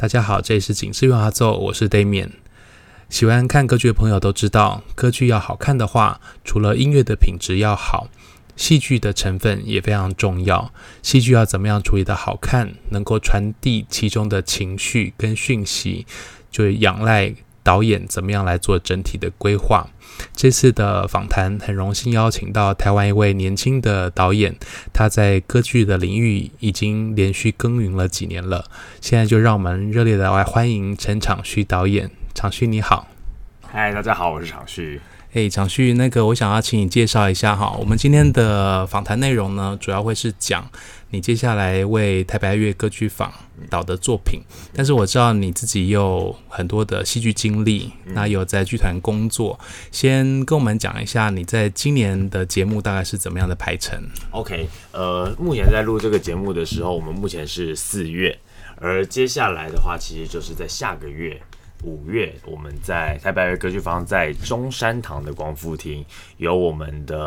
大家好，這裡是緊緻圓滑奏，我是 Damian。喜歡看歌劇的朋友都知道，歌劇要好看的話，除了音樂的品質要好，戲劇的成分也非常重要。戲劇要怎麼樣處理得好看，能夠傳遞其中的情緒跟訊息，就仰賴導演怎麼樣來做整體的規劃？這次的訪談很榮幸邀請到台灣一位年輕的導演，他在歌劇的領域已經連續耕耘了幾年了。現在就讓我們熱烈的來歡迎陳昶旭導演。昶旭你好，嗨，hey, 大家好，我是昶旭。哎，hey, 昶旭，那個我想要請你介紹一下哈，我們今天的訪談內容呢，主要會是講。你接下來為台北愛樂歌劇坊導的作品，但是我知道你自己有很多的戲劇經歷，那有在劇團工作。嗯、先跟我們講一下你在今年的節目大概是怎麼樣的排程。OK，呃，目前在錄這個節目的時候，我們目前是四月，而接下來的話，其實就是在下個月五月，我們在台北愛樂歌劇坊在中山堂的光復廳有我們的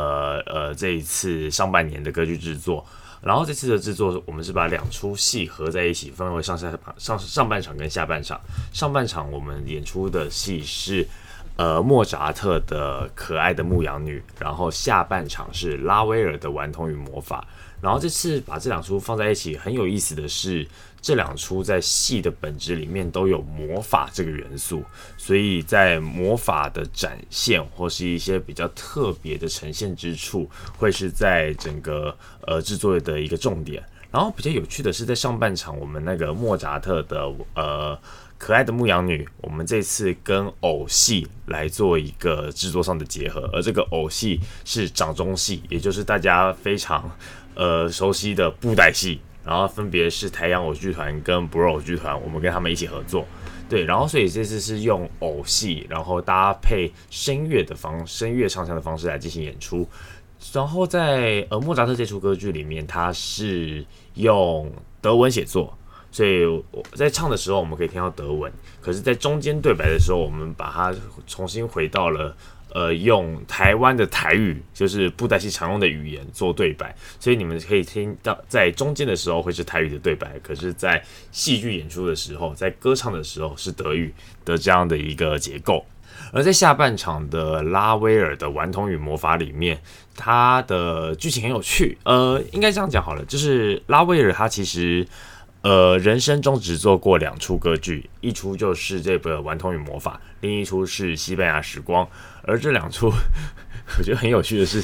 呃這一次上半年的歌劇製作。然後這次的制作，我們是把兩出戲合在一起，分為上下上上半場跟下半場。上半場我們演出的戲是，呃莫扎特的《可愛的牧羊女》，然後下半場是拉威爾的《頑童與魔法》。然後這次把這兩齣放在一起很有意思的是，這兩齣在戲的本質裡面都有魔法這個元素，所以在魔法的展現或是一些比較特別的呈現之處，會是在整個呃製作的一個重點。然後比較有趣的是在上半場，我們那個莫扎特的呃可愛的牧羊女，我們這次跟偶戲來做一個製作上的結合，而這個偶戲是掌中戲，也就是大家非常。呃，熟悉的布袋戲，然後分別是台陽偶劇團跟 Bro 偶劇團，我們跟他們一起合作，對，然後所以這次是用偶戲，然後搭配聲樂的方聲樂唱腔的方式來進行演出。然後在呃莫扎特這出歌劇裡面，它是用德文寫作，所以我在唱的時候我們可以聽到德文，可是，在中間對白的時候，我們把它重新回到了。呃，用台灣的台語，就是布袋戲常用的語言做對白，所以你們可以聽到在中間的時候會是台語的對白，可是，在戲劇演出的時候，在歌唱的時候是德語的這樣的一個結構。而在下半場的拉威爾的《頑童與魔法》裡面，它的劇情很有趣。呃，應該這樣講好了，就是拉威爾他其實。呃，人生中只做過兩出歌劇，一出就是這個《頑童與魔法》，另一出是《西班牙時光》。而這兩出，我覺得很有趣的是，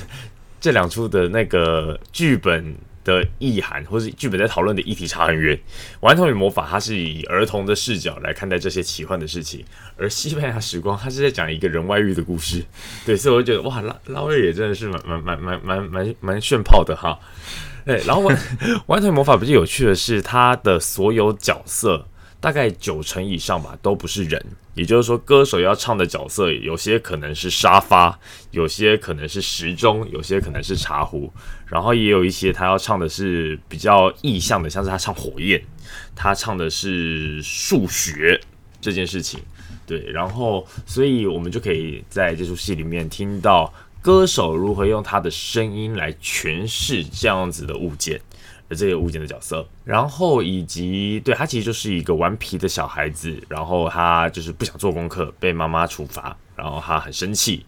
這兩出的那個劇本的意涵，或是劇本在討論的議題，差很遠。《頑童與魔法》它是以兒童的視角來看待這些奇幻的事情，而《西班牙時光》它是在講一個人外遇的故事。對，所以我就覺得哇，拉拉威爾真的是蠻蠻蠻蠻蠻蠻蠻炫炮的哈。對，然後《頑童 魔法》比較有趣的是，它的所有角色大概九成以上吧，都不是人。也就是說，歌手要唱的角色，有些可能是沙發，有些可能是時鐘，有些可能是茶壺，然後也有一些他要唱的是比較意象的，像是他唱火焰，他唱的是數學這件事情。對，然後，所以我們就可以在這出戲裡面聽到。歌手如何用他的聲音來詮釋這樣子的物件，而這些物件的角色，然後以及，對，他其實就是一個頑皮的小孩子，然後他就是不想做功課被媽媽處罰，然後他很生氣，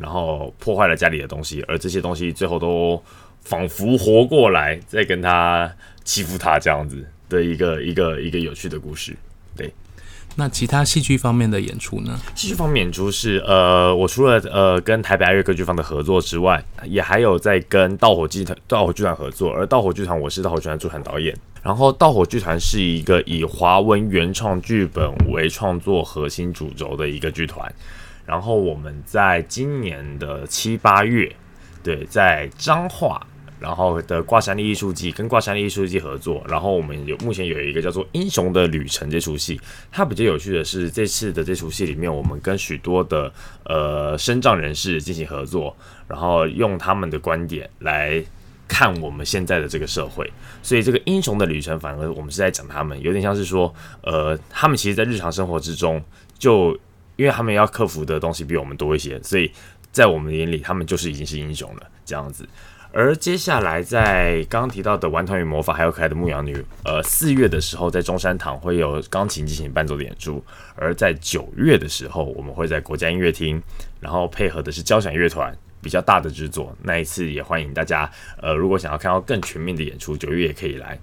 然後破壞了家裡的東西，而這些東西最後都仿佛活過來再跟他欺負他這樣子的一個一個一個有趣的故事。那其他戲劇方面的演出呢？戲劇方面演出是，呃，我除了呃跟台北愛樂歌劇坊的合作之外，也還有在跟盜火劇團、盜火劇團合作。而盜火劇團，我是盜火劇團的駐團導演。然後，盜火劇團是一個以華文原創劇本為創作核心主軸的一個劇團。然後，我們在今年的七八月，對，在彰化，然後的《卦山力藝術祭》跟《卦山力藝術祭》合作，然後我們有目前有一個叫做《英雄的旅程》這出戲，它比較有趣的是，這次的這出戲裡面，我們跟許多的呃身障人士進行合作，然後用他們的觀點來看我們現在的這個社會，所以這個《英雄的旅程》反而我們是在講他們，有點像是說，呃，他們其實在日常生活之中，就因為他們要克服的東西比我們多一些，所以在我們眼裡，他們就是已經是英雄了，這樣子。而接下來，在剛剛提到的《頑童與魔法》還有可愛的牧羊女，呃，四月的時候在中山堂會有鋼琴進行伴奏的演出；而在九月的時候，我們會在國家音樂廳，然後配合的是交響樂團，比較大的製作。那一次也歡迎大家，呃，如果想要看到更全面的演出，九月也可以來。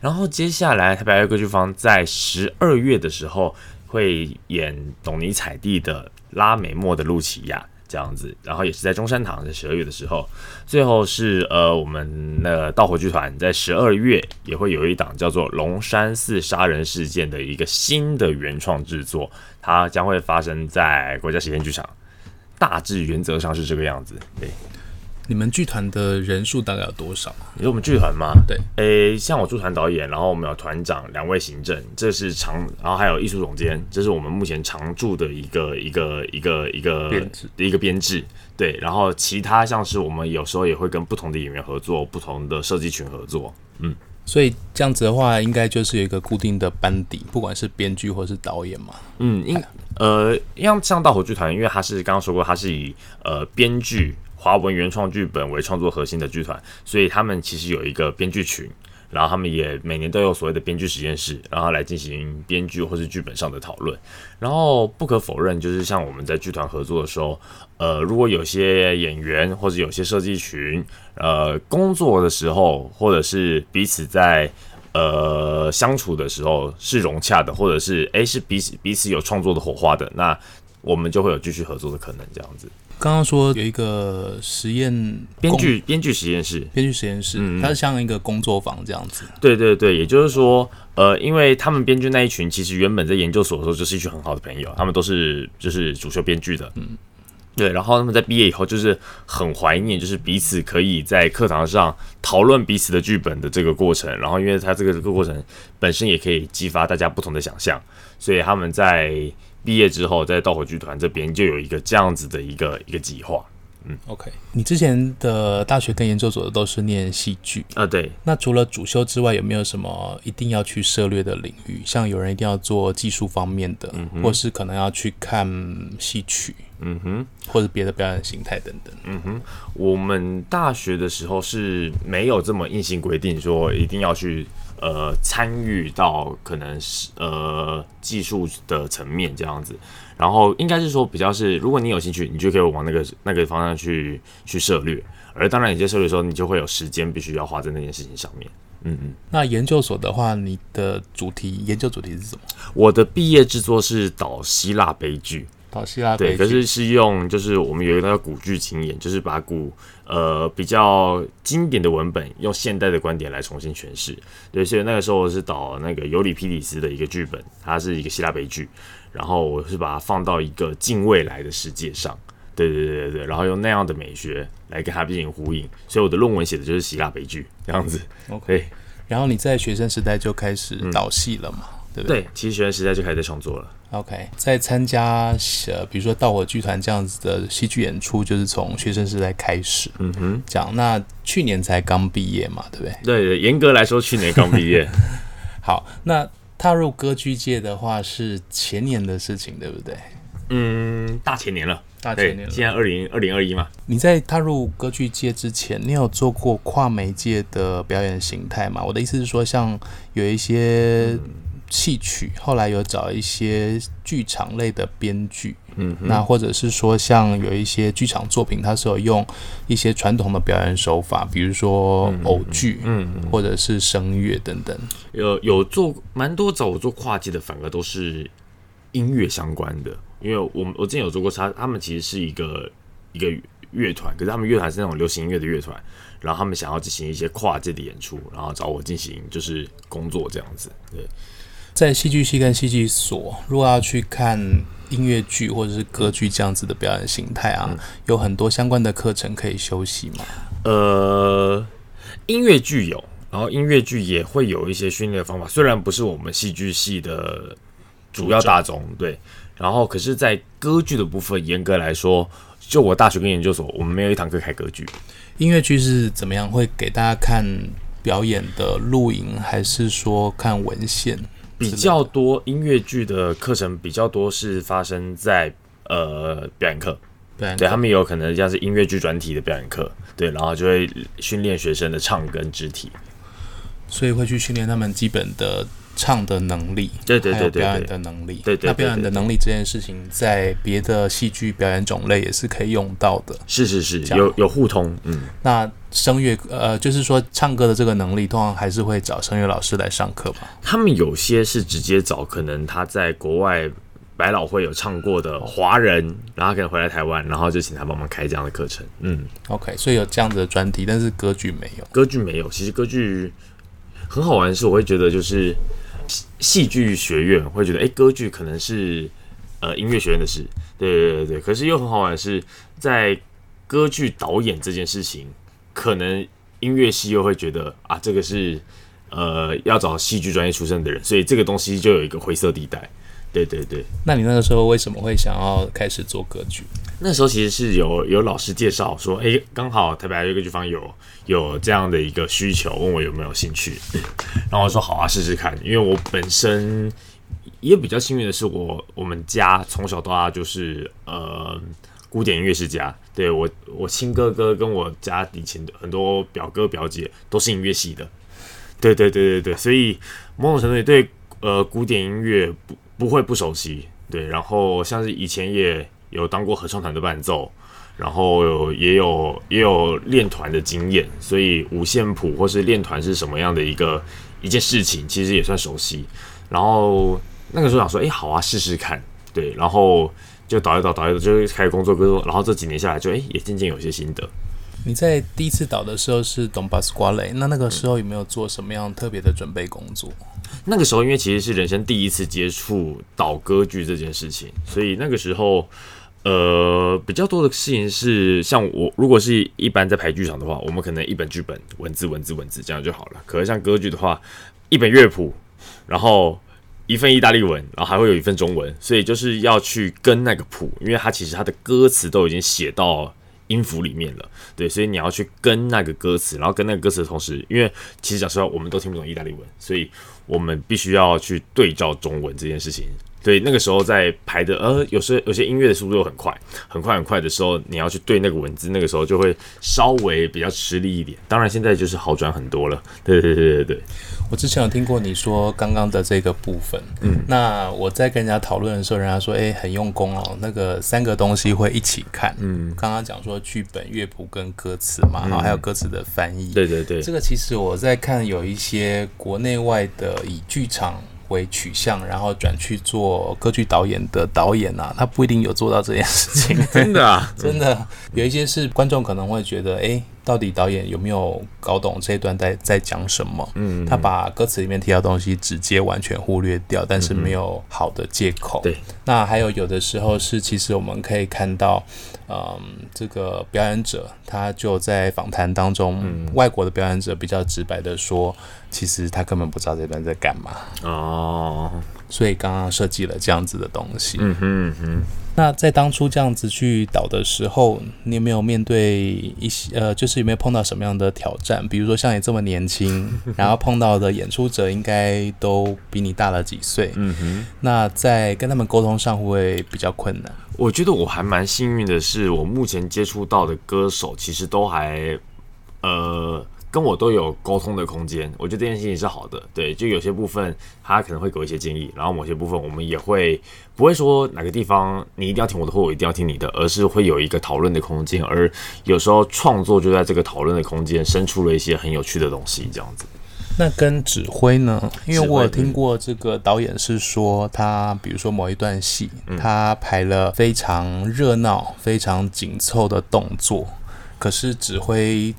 然後接下來，台北愛樂歌劇坊在十二月的時候會演董尼采蒂的《拉美莫的露琪亞》。這樣子，然後也是在中山堂，在十二月的時候，最後是呃，我們的盜火劇團在十二月也會有一檔叫做《龍山寺殺人事件》的一個新的原創制作，它將會發生在國家實驗劇場，大致原則上是這個樣子，對。你們劇團的人數大概有多少啊？你說我們劇團嗎？對，呃、欸，像我駐團導演，然後我們有團長兩位行政，這是常，然後還有藝術總監，這是我們目前常駐的一個一個一個一個的制一個編制。對，然後其他像是我們有時候也會跟不同的演員合作，不同的設計群合作。嗯，所以這樣子的話，應該就是一個固定的班底，不管是編劇或是導演嘛。嗯，因唉呃，像像大火劇團，因為他是剛剛說過，他是以呃編劇。編劇華文原創劇本為創作核心的劇團，所以他們其實有一個編劇群，然後他們也每年都有所謂的編劇實驗室，然後來進行編劇或是劇本上的討論。然後不可否認，就是像我們在劇團合作的時候，呃，如果有些演員或者有些設計群，呃，工作的時候或者是彼此在呃相處的時候是融洽的，或者是，欸，是彼此彼此有創作的火花的，那我們就會有繼續合作的可能，這樣子。剛剛說有一個實驗編劇編劇實驗室，嗯、編劇實驗室它是像一個工作坊這樣子。嗯、對對對，也就是說，嗯、呃，因為他們編劇那一群其實原本在研究所的時候就是一群很好的朋友，他們都是就是主修編劇的，嗯，對。然後他們在畢業以後就是很懷念，就是彼此可以在課堂上討論彼此的劇本的這個過程。然後，因為他這個這個過程本身也可以激發大家不同的想象，所以他們在。畢業之後，在道火劇團這邊就有一個這樣子的一個一個計劃。嗯，OK，你之前的大學跟研究所的都是念戲劇啊？對。那除了主修之外，有沒有什麼一定要去涉獵的領域？像有人一定要做技術方面的，嗯哼，或是可能要去看戲曲，嗯哼，或是別的表演形態等等，嗯哼。我們大學的時候是沒有這麼硬性規定說一定要去。呃，參與到可能是呃技術的層面這樣子，然後應該是說比較是，如果你有興趣，你就可以往那個那個方向去去涉略。而當然，你在涉略的時候，你就會有時間必須要花在那件事情上面。嗯嗯。那研究所的話，你的主題研究主題是什麼？我的畢業製作是導希臘悲劇。導希臘悲劇，對，可是是用就是我們有一個叫古劇情演，就是把古呃，比較經典的文本，用現代的觀點來重新詮釋。對，所以那個時候我是導那個尤里皮里斯的一個劇本，它是一個希臘悲劇，然後我是把它放到一個近未來的世界上，對對對對，然後用那樣的美學來跟它進行呼應。所以我的論文寫的就是希臘悲劇這樣子。OK，然後你在學生時代就開始導戲了嘛？對不對？對，其實學生時代就開始在創作了。OK，在參加呃，比如說盜火劇團這樣子的戲劇演出，就是從學生時代開始。嗯哼，講那去年才剛畢業嘛，對不對？對對，嚴格來說去年剛畢業。 好，那踏入歌劇界的話是前年的事情，對不對？嗯，大前年了，大前年了。現在二零二零二一嘛。你在踏入歌劇界之前，你有做過跨媒介的表演形態嗎？我的意思是說，像有一些。嗯戲曲後來有找一些劇場類的編劇，嗯哼，那或者是說像有一些劇場作品，它是有用一些傳統的表演手法，比如說偶劇，嗯，嗯，或者是聲樂等等。有有做蠻多找我做跨界的，反而都是音樂相關的，因為我我之前有做過他，他們其實是一個一個樂團，可是他們樂團是那種流行音樂的樂團，然後他們想要進行一些跨界的演出，然後找我進行就是工作這樣子，對。在戲劇系跟戲劇所，如果要去看音樂劇或者是歌劇這樣子的表演形態啊，嗯、有很多相關的課程可以修習嗎？呃，音樂劇有，然後音樂劇也會有一些訓練方法，雖然不是我們戲劇系的主要大宗種對。然後，可是，在歌劇的部分，嚴格來說，就我大學跟研究所，我們沒有一堂課開歌劇。音樂劇是怎麼樣？會給大家看表演的錄影，還是說看文獻？比較多音樂劇的課程比較多是發生在呃表演課，表演課。對，他們也有可能像是音樂劇專題的表演課，對，然後就會訓練學生的唱跟肢體，所以會去訓練他們基本的。唱的能力，對對對，對，對表演的能力，對對對對，那表演的能力這件事情，在別的戲劇表演種類也是可以用到的，是是是，講有有互通，嗯，那聲樂呃，就是說唱歌的這個能力，通常還是會找聲樂老師來上課吧？他們有些是直接找可能他在國外百老匯有唱過的華人，然後可以回來台灣，然後就請他幫忙開這樣的課程，嗯，OK，所以有這樣子的專題，但是歌劇沒有，歌劇沒有。其實歌劇很好玩是，我會覺得就是。戲劇學院會覺得，哎、欸，歌劇可能是，呃，音樂學院的事。對對對對，可是又很好玩的是，在歌劇導演這件事情，可能音樂系又會覺得啊，這個是，呃，要找戲劇專業出身的人。所以這個東西就有一個灰色地帶。對對對，那你那個時候為什麼會想要開始做歌劇？那時候其實是有有老師介紹說，哎，剛好台北愛樂歌劇坊有有這樣的一個需求，問我有沒有興趣，然後我說好啊，試試看。因為我本身也比較幸運的是我，我我們家從小到大就是呃古典音樂世家，對我我親哥哥跟我家以前的很多表哥表姐都是音樂系的，對對對對對，對，所以某種程度也對呃古典音樂不。不會不熟悉，對，然後像是以前也有當過合唱團的伴奏，然後有也有也有練團的經驗，所以五線譜或是練團是什麼樣的一個一件事情，其實也算熟悉。然後那個時候想說，哎，好啊，試試看，對，然後就導一導，導一導，就開始工作，工作。然後這幾年下來就，就哎，也漸漸有些心得。你在第一次導的時候是 Don Pasquale，那那個時候有沒有做什麼樣特別的準備工作？嗯那個時候，因為其實是人生第一次接觸導歌劇這件事情，所以那個時候，呃，比較多的事情是像我，如果是一般在排劇場的話，我們可能一本劇本，文字文字文字這樣就好了。可是像歌劇的話，一本樂譜，然後一份意大利文，然後還會有一份中文，所以就是要去跟那個譜，因為它其實它的歌詞都已經寫到音符裡面了，對，所以你要去跟那個歌詞，然後跟那個歌詞的同時，因為其實講實話我們都聽不懂意大利文，所以。我們必須要去對照中文這件事情。對，那個時候在排的，呃，有時有些音樂的速度又很快，很快很快的時候，你要去對那個文字，那個時候就會稍微比較吃力一點。當然，現在就是好轉很多了。對,對，對,對,對,對，對，對，對。我之前有聽過你說剛剛的這個部分，嗯，那我在跟人家討論的時候，人家說，哎、欸，很用功哦，那個三個東西會一起看，嗯，剛剛講說劇本、樂譜跟歌詞嘛，嗯、然後還有歌詞的翻譯。對,對,對,對，對，對。這個其實我在看有一些國內外的以劇場。為取向，然後轉去做歌劇導演的導演啊。他不一定有做到這件事情， 真的啊、真的，真的，有一些是觀眾可能會覺得，哎。到底導演有沒有搞懂這一段在在講什麼？嗯，嗯，嗯，他把歌詞裡面提到的東西直接完全忽略掉，但是沒有好的借口。對、嗯嗯，那還有有的時候是，其實我們可以看到，對嗯，嗯，這個表演者他就在訪談當中，嗯，外國的表演者比較直白的說，其實他根本不知道這段在幹嘛。哦，所以剛剛設計了這樣子的東西。嗯哼，嗯哼那在當初這樣子去導的時候，你有沒有面對一些呃，就是有沒有碰到什麼樣的挑戰？比如說像你這麼年輕， 然後碰到的演出者應該都比你大了幾歲。嗯哼，那在跟他們溝通上會比較困難？我覺得我還蠻幸運的是，是我目前接觸到的歌手其實都還，呃。跟我都有溝通的空間，我覺得這件事情是好的。對，就有些部分他可能會給我一些建議，然後某些部分我們也會不會說哪個地方你一定要聽我的，或我一定要聽你的，而是會有一個討論的空間。而有時候創作就在這個討論的空間生出了一些很有趣的東西，這樣子。那跟指揮呢？因為我有聽過這個導演是說，他比如說某一段戲，他排了非常熱鬧、非常緊湊的動作，可是指揮。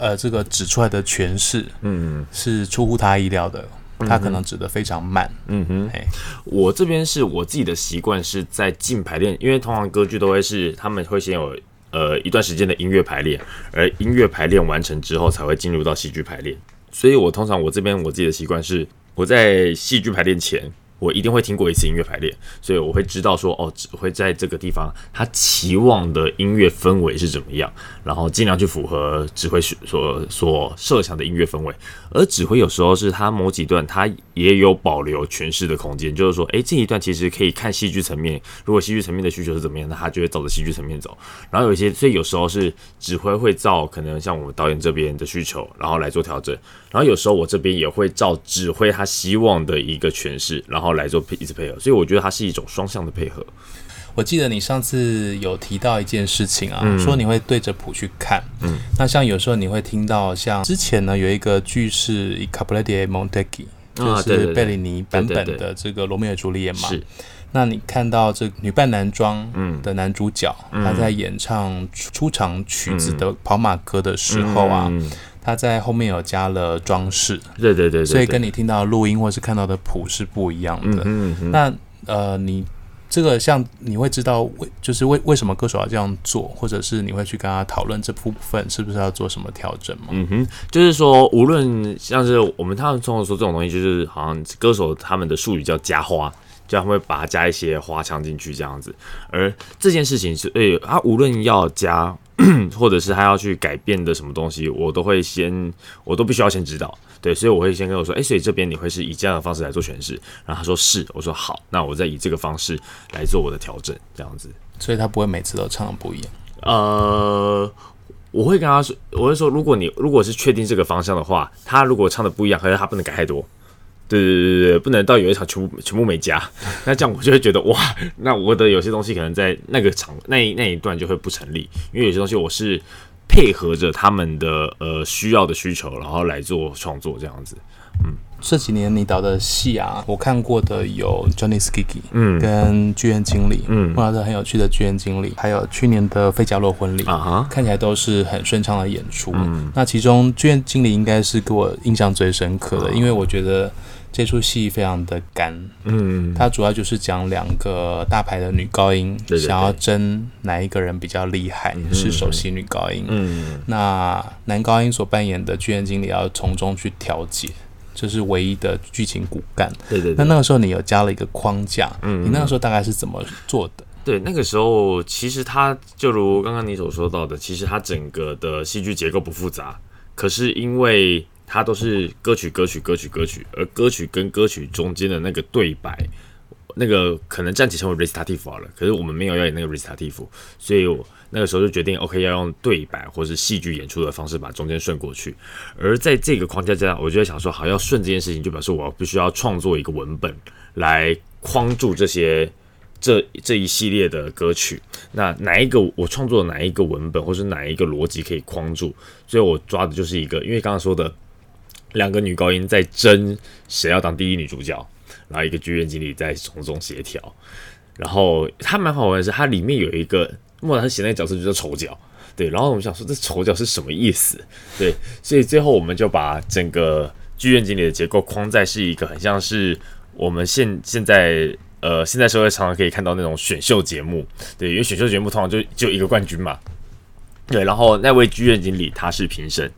呃，這個指出來的詮釋，嗯，嗯，是出乎他意料的。嗯、哼他可能指的非常慢，嗯哼。嘿我這邊是我自己的習慣，是在進排練，因為通常歌劇都會是他們會先有呃一段時間的音樂排練，而音樂排練完成之後才會進入到戲劇排練。所以我通常我這邊我自己的習慣是我在戲劇排練前，我一定會聽過一次音樂排練，所以我會知道說哦，指揮在這個地方他期望的音樂氛圍是怎麼樣，然後盡量去符合指揮所所設想的音樂氛圍。而指揮有時候是他某幾段他也有保留詮釋的空間，就是說，誒，這一段其實可以看戲劇層面，如果戲劇層面的需求是怎麼樣，那他就會照着戲劇層面走。然後有一些，所以有時候是指揮會照可能像我們導演這邊的需求，然後來做調整。然後有時候我這邊也會照指揮他希望的一個詮釋，然後來做配一次配合，所以我覺得它是一種雙向的配合。我記得你上次有提到一件事情啊，嗯、說你會對着譜去看。嗯，那像有時候你會聽到，像之前呢有一個劇是《I Capuleti e i Montecchi》，就是貝里尼版本的這個羅密爾朱麗葉嘛。是。那你看到這女扮男裝的男主角、嗯、他在演唱出場曲子的跑馬歌的時候啊。嗯嗯嗯他在後面有加了裝飾，對對，對對對，所以跟你聽到錄音或是看到的譜是不一樣的。嗯哼嗯哼。那呃，你這個像你會知道為就是為為什麼歌手要這樣做，或者是你會去跟他討論這部分是不是要做什麼調整嗎？嗯哼，就是說，無論像是我們他們通常說這種東西，就是好像歌手他們的術語叫加花，就會把它加一些花腔進去這樣子。而這件事情是，哎，他無論要加。或者是他要去改變的什麼東西，我都會先，我都必須要先知道。對，所以我會先跟我說，哎、欸，所以這邊你會是以這樣的方式來做詮釋，然後他說是，我說好，那我再以這個方式來做我的調整，這樣子，所以他不會每次都唱的不一樣，呃，我會跟他說，我會說如，如果你如果是確定這個方向的話，他如果唱的不一樣，可是他不能改太多。對對對對，不能到有一場全部全部沒加，那這樣我就會覺得哇，那我的有些東西可能在那個場那一那一段就會不成立，因為有些東西我是配合着他們的呃需要的需求，然後來做創作這樣子。嗯，這幾年你導的戲啊，我看過的有《Gianni Schicchi》嗯，跟《劇院經理》嗯，到的很有趣的《劇院經理》，還有去年的《費加洛婚禮》啊哈看起來都是很順暢的演出。嗯，那其中《劇院經理》應該是給我印象最深刻的，啊、因為我覺得。這齣戲非常的乾，嗯，它主要就是講兩個大牌的女高音對對對想要爭哪一個人比較厲害，嗯、是首席女高音，嗯，嗯，那男高音所扮演的劇院經理要從中去調解。這、就是唯一的劇情骨幹，對，對對。那那個時候你有加了一個框架，嗯，你那個時候大概是怎麼做的？對，那個時候其實它就如剛剛你所說到的，其實它整個的戲劇結構不複雜，可是因為。它都是歌曲歌曲歌曲歌曲，而歌曲跟歌曲中間的那個對白，那個可能暫且稱為 recitative 了。可是我們沒有要演那個 recitative 所以我那個時候就決定，OK，要用對白或是戲劇演出的方式把中間順過去。而在這個框架之下，我就在想說，好，要順這件事情，就表示我必須要創作一個文本來框住這些這這一系列的歌曲。那哪一個我創作哪一個文本，或是哪一個邏輯可以框住？所以，我抓的就是一個，因為剛剛說的。兩個女高音在爭誰要當第一女主角，然後一個劇院經理在從中協調。然後它蠻好玩的是，它裡面有一個莫札特寫那個角色就叫丑角，對。然後我們想說這丑角是什麼意思？對，所以最後我們就把整個劇院經理的結構框在是一個很像是我們現現在呃現在社會常常可以看到那種選秀節目，對，因為選秀節目通常就就一個冠軍嘛。對，然後那位劇院經理他是評審，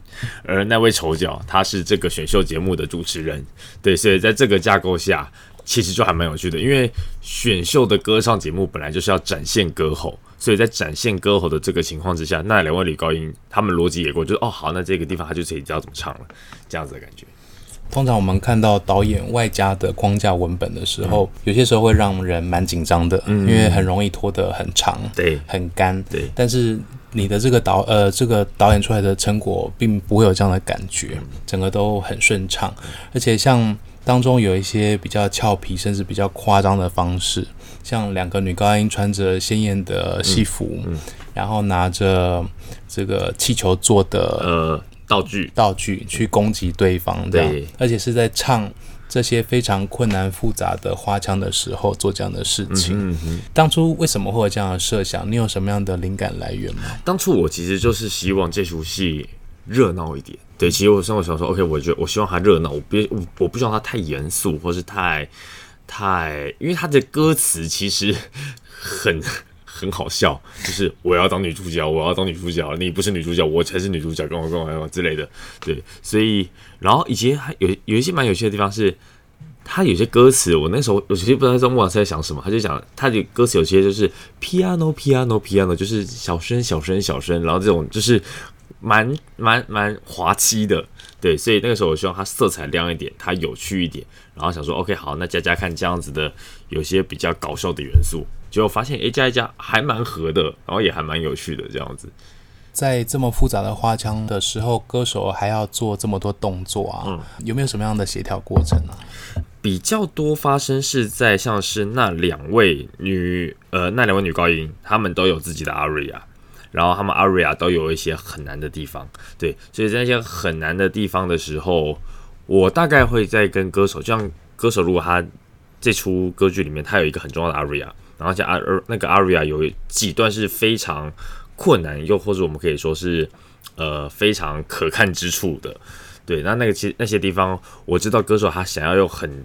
而那位丑角他是這個選秀節目的主持人。對，所以在這個架構下，其實就還蠻有趣的，因為選秀的歌唱節目本來就是要展現歌喉，所以在展現歌喉的這個情況之下，那兩位女高音他們邏輯也過，就是哦，好，那這個地方他就自己知道怎麼唱了，這樣子的感覺。通常我們看到導演外加的框架文本的時候，嗯，有些時候會讓人蠻緊張的，嗯，因為很容易拖得很長，對，很乾，對，但是。你的這個導呃，這個導演出來的成果，並不會有這樣的感覺，整個都很順暢，而且像當中有一些比較俏皮，甚至比較誇張的方式，像兩個女高音穿着鮮豔的戲服，然後拿着這個氣球做的呃道具道具去攻擊對方，對，而且是在唱這些非常困難複雜的花腔的時候做這樣的事情，嗯哼嗯哼。當初為什麼會有這樣的設想？你有什麼樣的靈感來源嗎？當初我其實就是希望這齣戲熱鬧一點。對，其實我上我想說，OK，我覺得我希望它熱鬧，我別我我不希望它太嚴肅，或是太太，因為它的歌詞其實很。很好笑，就是我要當女主角，我要當女主角，你不是女主角，我才是女主角，跟我跟我跟我之類的，對，所以然後以前還有有一些蠻有趣的地方是，他有些歌詞，我那時候我其實不知道莫老師在想什麼，他就講他的歌詞有些就是 Piano Piano Piano，就是小聲小聲小聲，然後這種就是蠻蠻蠻滑稽的，對，所以那個時候我希望他色彩亮一點，他有趣一點，然後想說 OK 好，那加加看這樣子的有些比較搞笑的元素。就發現、a，哎，加一加還蠻合的，然後也還蠻有趣的這樣子。在這麼複雜的花腔的時候，歌手還要做這麼多動作啊？嗯，有沒有什麼樣的協調過程啊？比較多發生是在像是那兩位女，呃，那兩位女高音，她們都有自己的 aria 然後她們 aria 都有一些很難的地方。對，所以在一些很難的地方的時候，我大概會在跟歌手，就像歌手如果他這齣歌劇裡面他有一個很重要的 aria 然後像阿、啊、爾那個阿瑞亞有幾段是非常困難，又或者我們可以說是呃非常可看之處的。對，那那個其實那些地方，我知道歌手他想要用很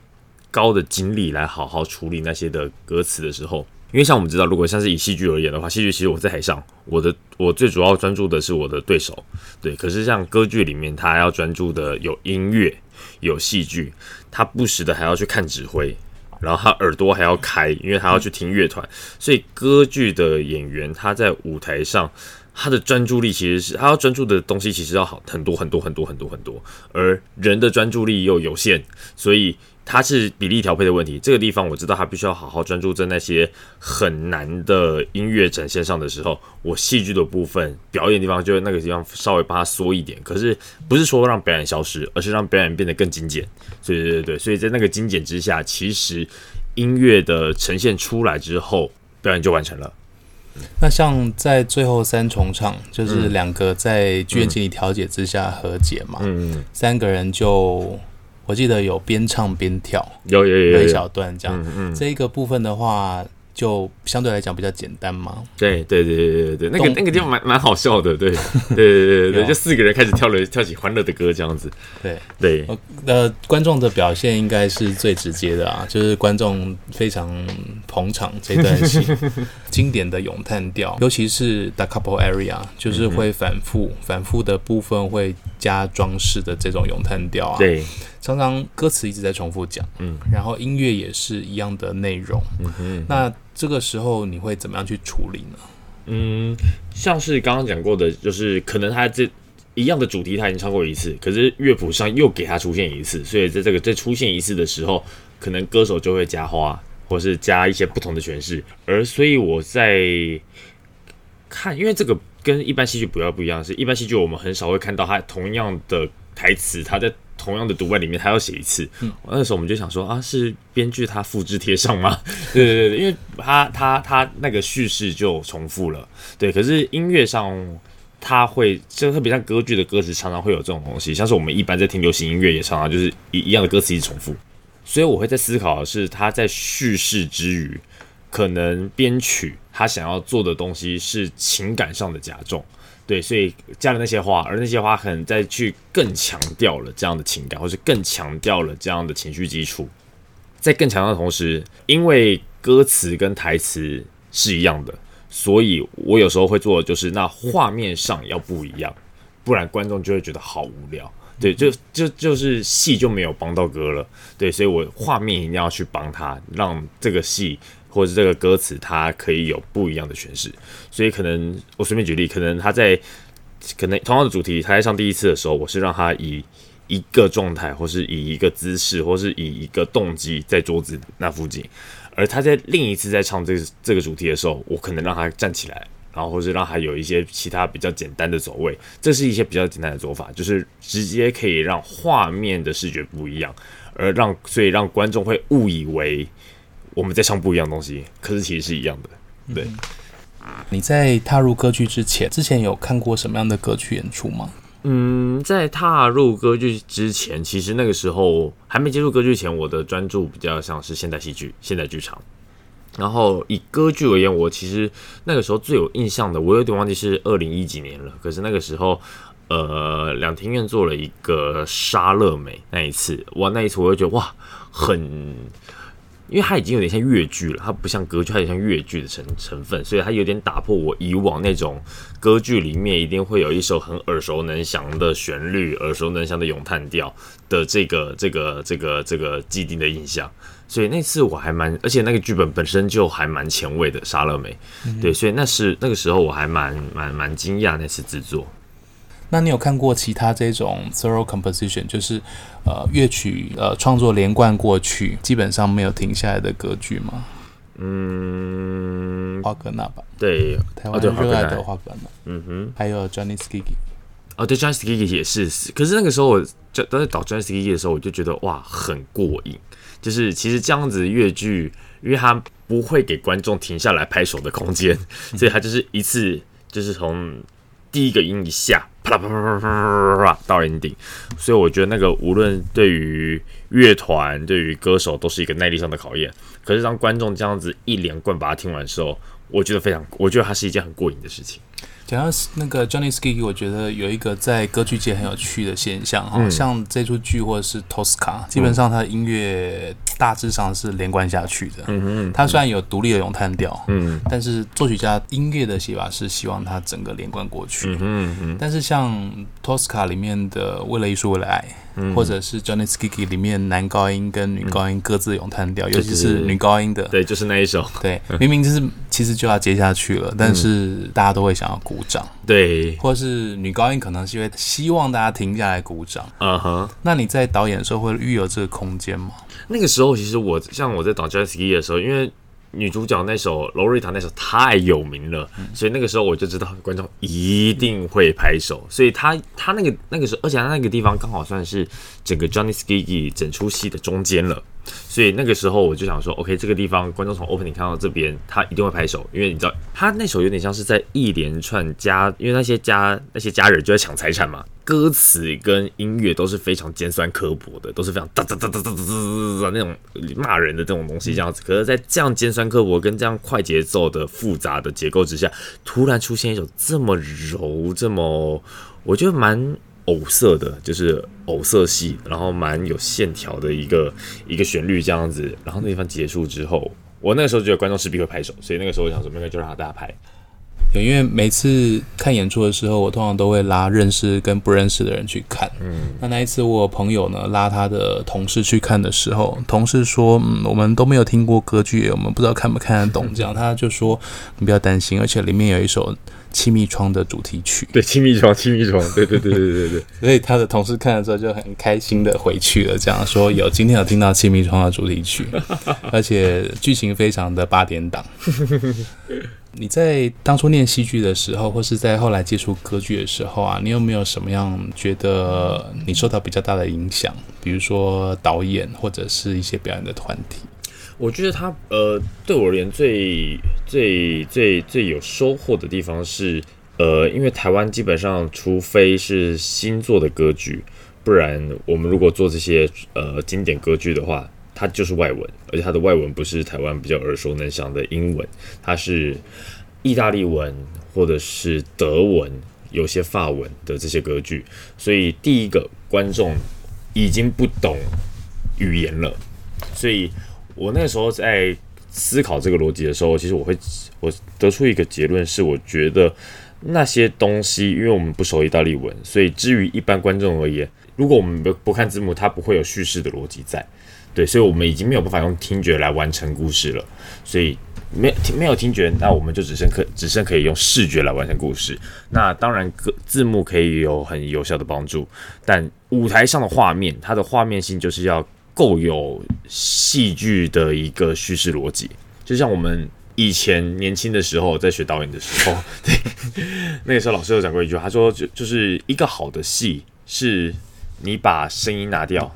高的精力來好好處理那些的歌詞的時候，因為像我們知道，如果像是以戲劇而言的話，戲劇其實我在台上，我的我最主要專注的是我的對手。對，可是像歌劇裡面，他還要專注的有音樂、有戲劇，他不時的還要去看指揮。然後他耳朵還要開，因為他要去聽樂團，所以歌劇的演員他在舞台上，他的專注力其實是他要專注的東西，其實要好很多很多很多很多很多，而人的專注力又有限，所以。它是比例調配的問題，這個地方我知道，他必須要好好專注在那些很難的音樂展現上的時候，我戲劇的部分表演的地方就那個地方稍微把它縮一點，可是不是說讓表演消失，而是讓表演變得更精簡。對對對對，所以在那個精簡之下，其實音樂的呈現出來之後，表演就完成了。那像在最後三重唱，就是兩個在劇院經理調解之下和解嘛，嗯嗯嗯、三個人就。我記得有邊唱邊跳，有有有一小段這樣，嗯嗯，這一個部分的話就相對來講比較簡單嘛。對對對對對，那個那個就蠻蠻好笑的，對對對對對，就四個人開始跳了，跳起歡樂的歌這樣子。對對，呃，觀眾的表現應該是最直接的啊，就是觀眾非常捧場這段戲，經典的詠嘆調，尤其是《da capo aria》，就是會反覆反覆的部分會加裝飾的這種詠嘆調啊。對。常常歌詞一直在重複講，嗯，然後音樂也是一樣的內容，嗯哼。那這個時候你會怎麼樣去處理呢？嗯，像是剛剛講過的，就是可能他這一樣的主題他已經唱過一次，可是樂譜上又給他出現一次，所以在這個再出現一次的時候，可能歌手就會加花，或是加一些不同的詮釋。而所以我在看，因為這個跟一般戲劇不要不一樣，是一般戲劇我們很少會看到他同樣的台詞，他在。同樣的獨白裡面，他要寫一次。嗯，那時候我們就想說啊，是編劇他複製貼上嗎？對對對，因為他他他那個敘事就重複了。對，可是音樂上他會就特別像歌劇的歌詞，常常會有這種東西。像是我們一般在聽流行音樂，也常常就是一一樣的歌詞一直重複。所以我會在思考的是，他在敘事之餘，可能編曲他想要做的東西是情感上的加重。對，所以加了那些話，而那些話很再去更強調了這樣的情感，或是更強調了這樣的情緒基礎。在更強調的同時，因為歌詞跟台詞是一樣的，所以我有時候會做的就是，那畫面上要不一樣，不然觀眾就會覺得好無聊。對，就就就是戲就沒有幫到歌了。對，所以我畫面一定要去幫他，讓這個戲。或是這個歌詞，它可以有不一樣的詮釋，所以可能我隨便舉例，可能他在，可能同樣的主題，他在唱第一次的時候，我是讓他以一個狀態，或是以一個姿勢，或是以一個動機在桌子那附近，而他在另一次在唱這個、這個主題的時候，我可能讓他站起來，然後或是讓他有一些其他比較簡單的走位，這是一些比較簡單的做法，就是直接可以讓畫面的視覺不一樣，而讓所以讓觀眾會誤以為我們在唱不一樣的東西，可是其實是一樣的。對，你在踏入歌劇之前，之前有看過什麼樣的歌曲演出嗎？嗯，在踏入歌劇之前，其實那個時候還沒接觸歌劇前，我的專注比較像是現代戲劇、現代劇場。然後以歌劇而言，我其實那個時候最有印象的，我有點忘記是二零一幾年了。可是那個時候，呃，兩廳院做了一個莎樂美，那一次，哇，那一次我就覺得哇，很。嗯因為它已經有點像樂劇了，它不像歌劇，它有點像樂劇的成成分，所以它有點打破我以往那種歌劇裡面一定會有一首很耳熟能詳的旋律、耳熟能詳的詠嘆調的這個這個這個這個既定的印象。所以那次我還蠻，而且那個劇本本身就還蠻前衛的，莎樂美，對，所以那是那個時候我還蠻蠻蠻驚訝那次制作。那你有看過其他這種 through composition，就是呃樂曲呃創作連貫過去，基本上沒有停下來的歌劇嗎？嗯，華格納吧對、哦。對，台灣熱愛的華格納。嗯哼，還有 Gianni Schicchi。哦，對 Gianni Schicchi 也是。可是那個時候我，我就當時搞 Gianni Schicchi 的時候，我就覺得哇，很過癮。就是其實這樣子的樂劇，因為它不會給觀眾停下來拍手的空間，嗯、哼所以它就是一次就是從第一個音一下。啪啪啪啪啪啪啪啪啪啦到 ending，所以我覺得那個無論對於樂團、對於歌手，都是一個耐力上的考驗。可是當觀眾這樣子一連貫把它聽完的時候，我覺得非常，我覺得它是一件很過癮的事情。講到那個 Gianni Schicchi 我覺得有一個在歌劇界很有趣的現象哈、哦，像這出劇或者是 Tosca，基本上它音樂大致上是連貫下去的。嗯嗯。它雖然有獨立的詠嘆調，嗯，但是作曲家音樂的寫法是希望它整個連貫過去。嗯嗯。但是像 Tosca 裡面的“為了藝術，為了愛”，或者是 Gianni Schicchi 裡面男高音跟女高音各自的詠嘆調，尤其是女高音的，對，就是那一首，對，明明就是其實就要接下去了，但是大家都會想要過。鼓掌，對，或是女高音可能因為希望大家停下來鼓掌。嗯哼、uh，huh、那你在導演的時候會預留這個空間嗎？那個時候其實我像我在導《j o s k y 的時候，因為女主角那首《羅瑞塔》那首太有名了，嗯、所以那個時候我就知道觀眾一定會拍手，嗯、所以他他那個那個時候，而且他那個地方剛好算是整個《Johnsky》整出戲的中間了。所以那個時候我就想說，OK，這個地方觀眾從 opening 看到這邊，他一定會拍手，因為你知道他那首有點像是在一連串家，因為那些家，那些家人就在搶財產嘛。歌詞跟音樂都是非常尖酸刻薄的，都是非常噠噠噠噠噠噠噠噠噠那種罵人的這種東西這樣子。可是，在這樣尖酸刻薄跟這樣快節奏的複雜的結構之下，突然出現一首這麼柔這麼，我覺得蠻。藕色的，就是藕色系，然後蠻有線條的一個一個旋律這樣子。然後那一番結束之後，我那個時候覺得觀眾勢必會拍手，所以那個時候我想說，麼，那就讓他大拍。對。因為每次看演出的時候，我通常都會拉認識跟不認識的人去看。嗯，那那一次我朋友呢拉他的同事去看的時候，同事說：“嗯，我們都沒有聽過歌劇，我們不知道看不看得懂的這樣。”他就說：“你不要擔心，而且裡面有一首。”《氣密窗》的主題曲，對，《氣密窗》，《氣密窗》，對，對，對，對，對，對。 所以他的同事看了之後就很開心的回去了，這樣說有今天有聽到《氣密窗》的主題曲，而且劇情非常的八點檔。你在當初念戲劇的時候，或是在後來接觸歌劇的時候啊，你有沒有什麼樣覺得你受到比較大的影響？比如說導演或者是一些表演的團體？我覺得它呃，對我而言最最最最有收穫的地方是呃，因為台灣基本上，除非是新做的歌劇，不然我們如果做這些呃經典歌劇的話，它就是外文，而且它的外文不是台灣比較耳熟能詳的英文，它是意大利文或者是德文，有些法文的這些歌劇，所以第一個觀眾已經不懂語言了，所以。我那時候在思考這個邏輯的時候，其實我會我得出一個結論是，我覺得那些東西，因為我們不熟意大利文，所以至於一般觀眾而言，如果我們不不看字幕，它不會有敘事的邏輯在。對，所以，我們已經沒有辦法用聽覺來完成故事了。所以，沒聽沒有聽覺，那我們就只剩可只剩可以用視覺來完成故事。那當然，字幕可以有很有效的幫助，但舞台上的畫面，它的畫面性就是要。夠有戲劇的一個敘事邏輯，就像我們以前年輕的時候在學導演的時候， 對，那個時候老師有講過一句話，他說就就是一個好的戲，是你把聲音拿掉，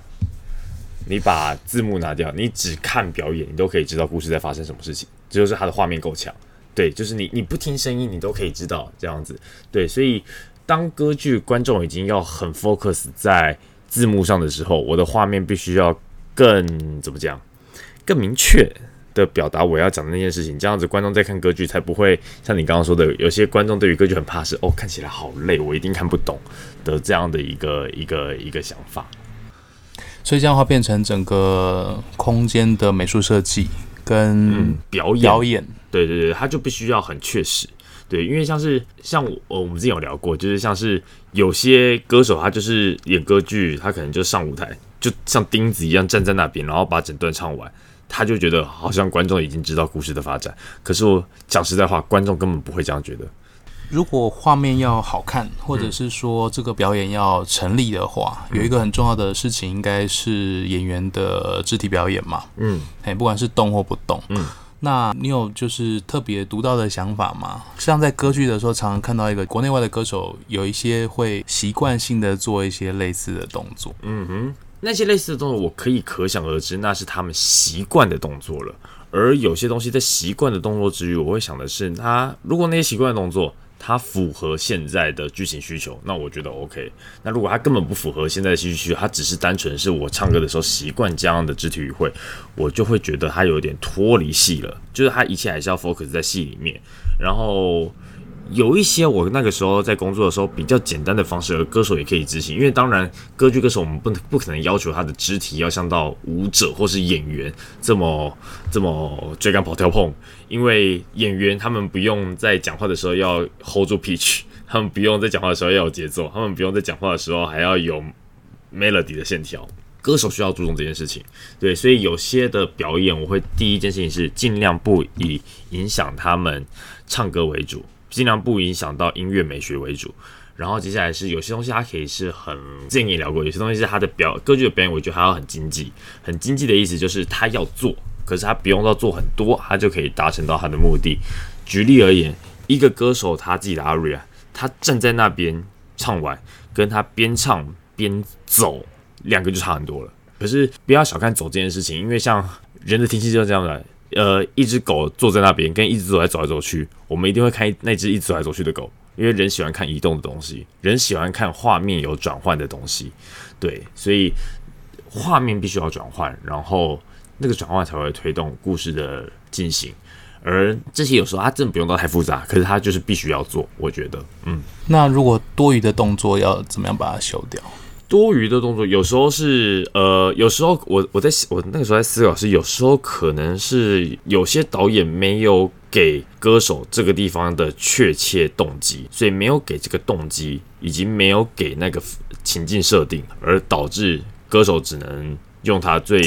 你把字幕拿掉，你只看表演，你都可以知道故事在發生什麼事情，只就是他的畫面夠強。對，就是你你不聽聲音，你都可以知道這樣子。對，所以當歌劇觀眾已經要很 focus 在字幕上的時候，我的畫面必須要。更怎麼講？更明確的表達我要講的那件事情，這樣子觀眾在看歌劇才不會像你剛剛說的，有些觀眾對於歌劇很怕是，是哦，看起來好累，我一定看不懂的這樣的一個一個一個想法。所以這樣的話，變成整個空間的美術設計跟表演、嗯，表演，言對對對，他就必須要很確實，對，因為像是像我、哦、我們之前有聊過，就是像是有些歌手他就是演歌劇，他可能就上舞台。就像釘子一樣站在那邊，然後把整段唱完，他就覺得好像觀眾已經知道故事的發展。可是我講實在話，觀眾根本不會這樣覺得。如果畫面要好看，或者是說這個表演要成立的話，嗯、有一個很重要的事情應該是演員的肢體表演嘛。嗯，哎，hey, 不管是動或不動，嗯，那你有就是特別獨到的想法嗎？像在歌劇的時候，常常看到一個國內外的歌手，有一些會習慣性的做一些類似的動作。嗯哼。那些類似的動作，我可以可想而知，那是他們習慣的動作了。而有些東西在習慣的動作之餘，我會想的是，他如果那些習慣的動作，它符合現在的劇情需求，那我覺得 OK。那如果它根本不符合現在的劇情需求，它只是單純是我唱歌的時候習慣這樣的肢體語彙，我就會覺得它有點脫離戲了，就是它一切還是要 focus 在戲裡面，然後。有一些我那個時候在工作的時候比較簡單的方式，而歌手也可以執行。因為當然，歌劇歌手我們不能不可能要求他的肢體要像到舞者或是演員這麼這麼追趕跑跳碰。因為演員他們不用在講話的時候要 hold 住 pitch，他們不用在講話的時候要有節奏，他們不用在講話的時候還要有 melody 的線條。歌手需要注重這件事情，對。所以有些的表演，我會第一件事情是盡量不以影響他們唱歌為主。盡量不影響到音樂美學為主，然後接下來是有些東西他可以是很，建議聊過，有些東西是他的表，歌劇的表演，我覺得他要很經濟，很經濟的意思就是他要做，可是他不用到做很多，他就可以達成到他的目的。舉例而言，一個歌手他自己的 aria，他站在那邊唱完，跟他邊唱邊走，兩個就差很多了。可是不要小看走這件事情，因為像人的天性就是這樣來。呃，一隻狗坐在那邊，跟一隻狗在走來走去。我們一定會看那隻一直走來走去的狗，因為人喜歡看移動的東西，人喜歡看畫面有轉換的東西。對，所以畫面必須要轉換，然後那個轉換才會推動故事的進行。而這些有時候它真的不用到太複雜，可是它就是必須要做。我覺得，嗯，那如果多餘的動作要怎麼樣把它修掉？多餘的動作，有時候是呃，有時候我我在我那個時候在思考是，有時候可能是有些導演沒有給歌手這個地方的確切動機，所以沒有給這個動機，以及沒有給那個情境設定，而導致歌手只能用他最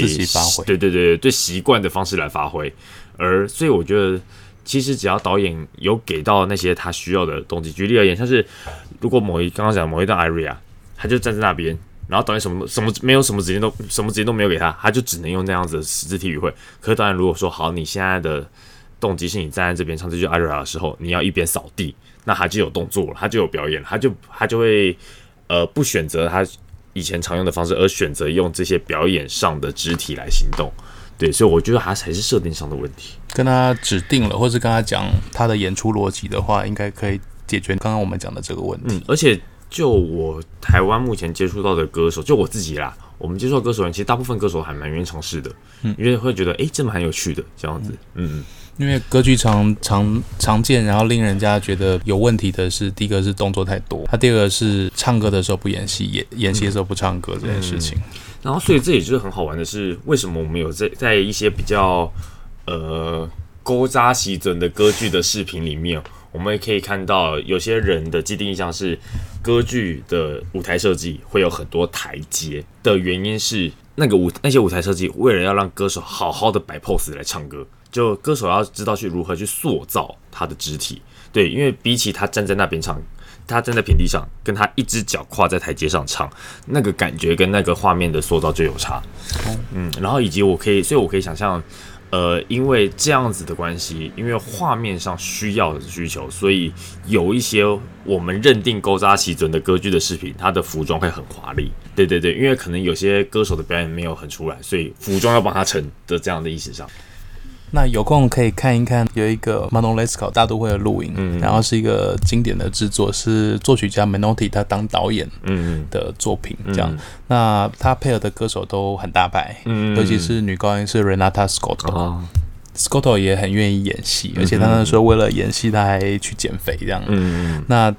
對對對最習慣的方式來發揮。而所以我覺得，其實只要導演有給到那些他需要的動機，舉例而言，像是如果某一剛剛講的某一段 aria 他就站在那邊，然後導演什麼什麼，什麼沒有什麼指令都什麼指令都沒有給他，他就只能用那樣子的肢體語彙，可是當然，如果說好，你現在的動機是你站在這邊唱這句阿瑞拉的時候，你要一邊掃地，那他就有動作了，他就有表演了，他就他就會呃不選擇他以前常用的方式，而選擇用這些表演上的肢體來行動。對，所以我覺得他才是設定上的問題。跟他指定了，或是跟他講他的演出邏輯的話，應該可以解決剛剛我們講的這個問題。嗯，而且。就我台灣目前接觸到的歌手，就我自己啦。我們接觸到歌手人，其實大部分歌手還蠻願意嘗試的，嗯、因為會覺得哎、欸，這麼很有趣的這樣子。嗯嗯。因為歌劇常常常見，然後令人家覺得有問題的是，第一個是動作太多，他第二個是唱歌的時候不演戲，演演戲的時候不唱歌這件事情。嗯嗯、然後，所以這也就是很好玩的是，為什麼我們有在在一些比較呃勾扎齊準的歌劇的視頻裡面。我們也可以看到，有些人的既定印象是，歌劇的舞台設計會有很多台階。的原因是，那個舞那些舞台設計，為了要讓歌手好好的擺 pose 來唱歌，就歌手要知道去如何去塑造他的肢體。對，因為比起他站在那邊唱，他站在平地上，跟他一隻腳跨在台階上唱，那個感覺跟那個畫面的塑造就有差。嗯，然後以及我可以，所以我可以想象呃，因為這樣子的關係，因為畫面上需要的需求，所以有一些我們認定勾扎齊準的歌劇的視頻，它的服裝會很華麗。對對對，因為可能有些歌手的表演沒有很出來，所以服裝要幫他撐的這樣的意思上。那有空可以看一看，有一個《Manon Lescaut 大都會的錄音，嗯、然後是一個經典的制作，是作曲家 Menotti 他當導演的作品，這樣。嗯嗯、那他配合的歌手都很大牌，嗯、尤其是女高音是 Renata Scotto，Scotto、哦、也很願意演戲，而且他那時候為了演戲他還去減肥這樣。嗯嗯、那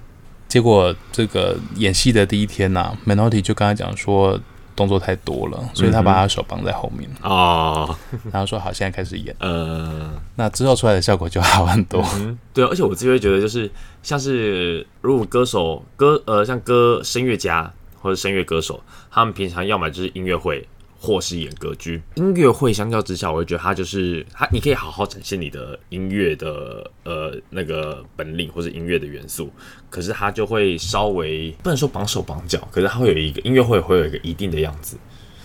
結果這個演戲的第一天吶、啊、Menotti 就跟他講說。動作太多了，所以他把他的手綁在後面啊。嗯哦、然後說好，現在開始演。呃，那之後出來的效果就好很多。嗯、對、啊，而且我自己會覺得就是，像是如果歌手歌呃像歌聲樂家或者聲樂歌手，他們平常要麼就是音樂會。或是演歌劇音樂會，相較之下，我會覺得他就是他，它你可以好好展現你的音樂的呃那個本領，或者音樂的元素。可是他就會稍微不能說綁手綁腳，可是他會有一個音樂會，會有一個一定的樣子。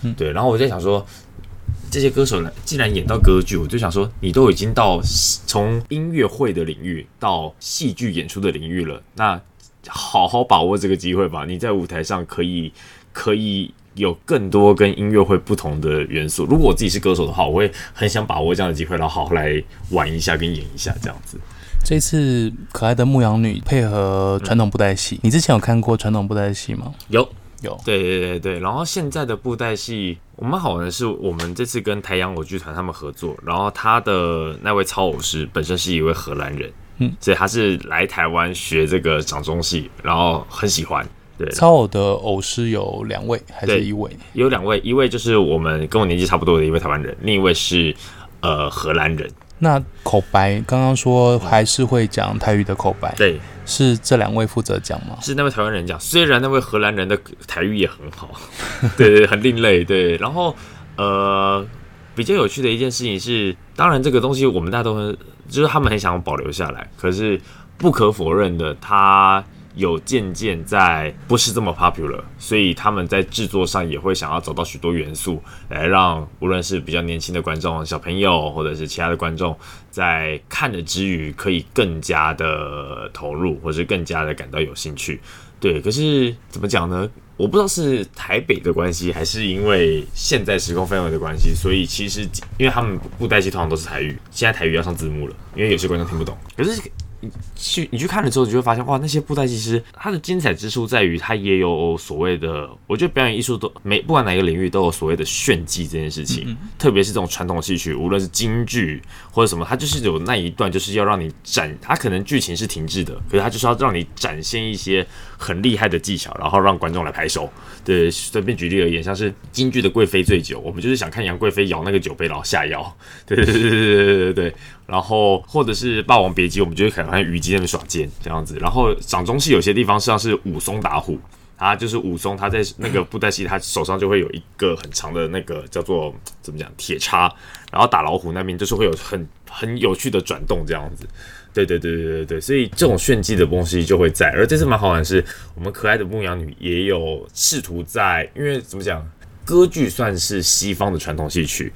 嗯，對。然後我在想說，這些歌手呢，既然演到歌劇，我就想說，你都已經到從音樂會的領域到戲劇演出的領域了，那好好把握這個機會吧。你在舞台上可以可以。有更多跟音樂會不同的元素。如果我自己是歌手的話，我會很想把握這樣的機會，然後好好來玩一下跟演一下這樣子。這次可愛的牧羊女配合傳統布袋戲，嗯、你之前有看過傳統布袋戲嗎？有，有。對對對對。然後現在的布袋戲，我們好玩的是，我們這次跟台陽偶劇團他們合作，然後他的那位操偶師本身是一位荷蘭人，嗯，所以他是來台灣學這個掌中戲，然後很喜歡。對，操偶的偶是有兩位還是一位？有兩位，一位就是我們跟我年紀差不多的一位台灣人，另一位是呃荷蘭人。那口白剛剛說還是會講台語的口白，對、嗯，是這兩位負責講嗎？是那位台灣人講，雖然那位荷蘭人的台語也很好， 對，很另類，對。然後呃，比較有趣的一件事情是，當然這個東西我們大家都很，就是他們很想保留下來，可是不可否認的，他。有漸漸在不是這麼 popular，所以他們在製作上也會想要找到許多元素，來讓無論是比較年輕的觀眾、小朋友，或者是其他的觀眾，在看的之餘，可以更加的投入，或是更加的感到有興趣。對，可是怎麼講呢？我不知道是台北的關係，還是因為現在時空氛圍的關係，所以其實因為他們布袋戲通常都是台語，現在台語要上字幕了，因為有些觀眾聽不懂。可是。去你去看了之後，你就會發現哇，那些布袋戲師他的精彩之處在於，他也有、哦、所謂的，我覺得表演藝術都每不管哪個領域都有所謂的炫技這件事情，特別是這種傳統戲曲，無論是京劇或者什麼，它就是有那一段就是要讓你展，它可能劇情是停滯的，可是它就是要讓你展現一些，很厲害的技巧，然後讓觀眾來拍手。對，順便舉例而言，像是京劇的《貴妃醉酒》，我們就是想看楊貴妃搖那個酒杯，然後下腰。對對對對對對對。然後或者是《霸王別姬》，我們就會可能看虞姬那邊耍劍這樣子。然後掌中戲有些地方像是武松打虎，他就是武松，他在那個布袋戲，他手上就會有一個很長的那個叫做怎麼講鐵叉，然後打老虎那邊就是會有很很有趣的轉動這樣子。對對對對對對，所以這種炫技的東西就會在，而這次蠻好玩的是，是我們可愛的牧羊女也有試圖在，因為怎麼講，歌劇算是西方的傳統戲曲，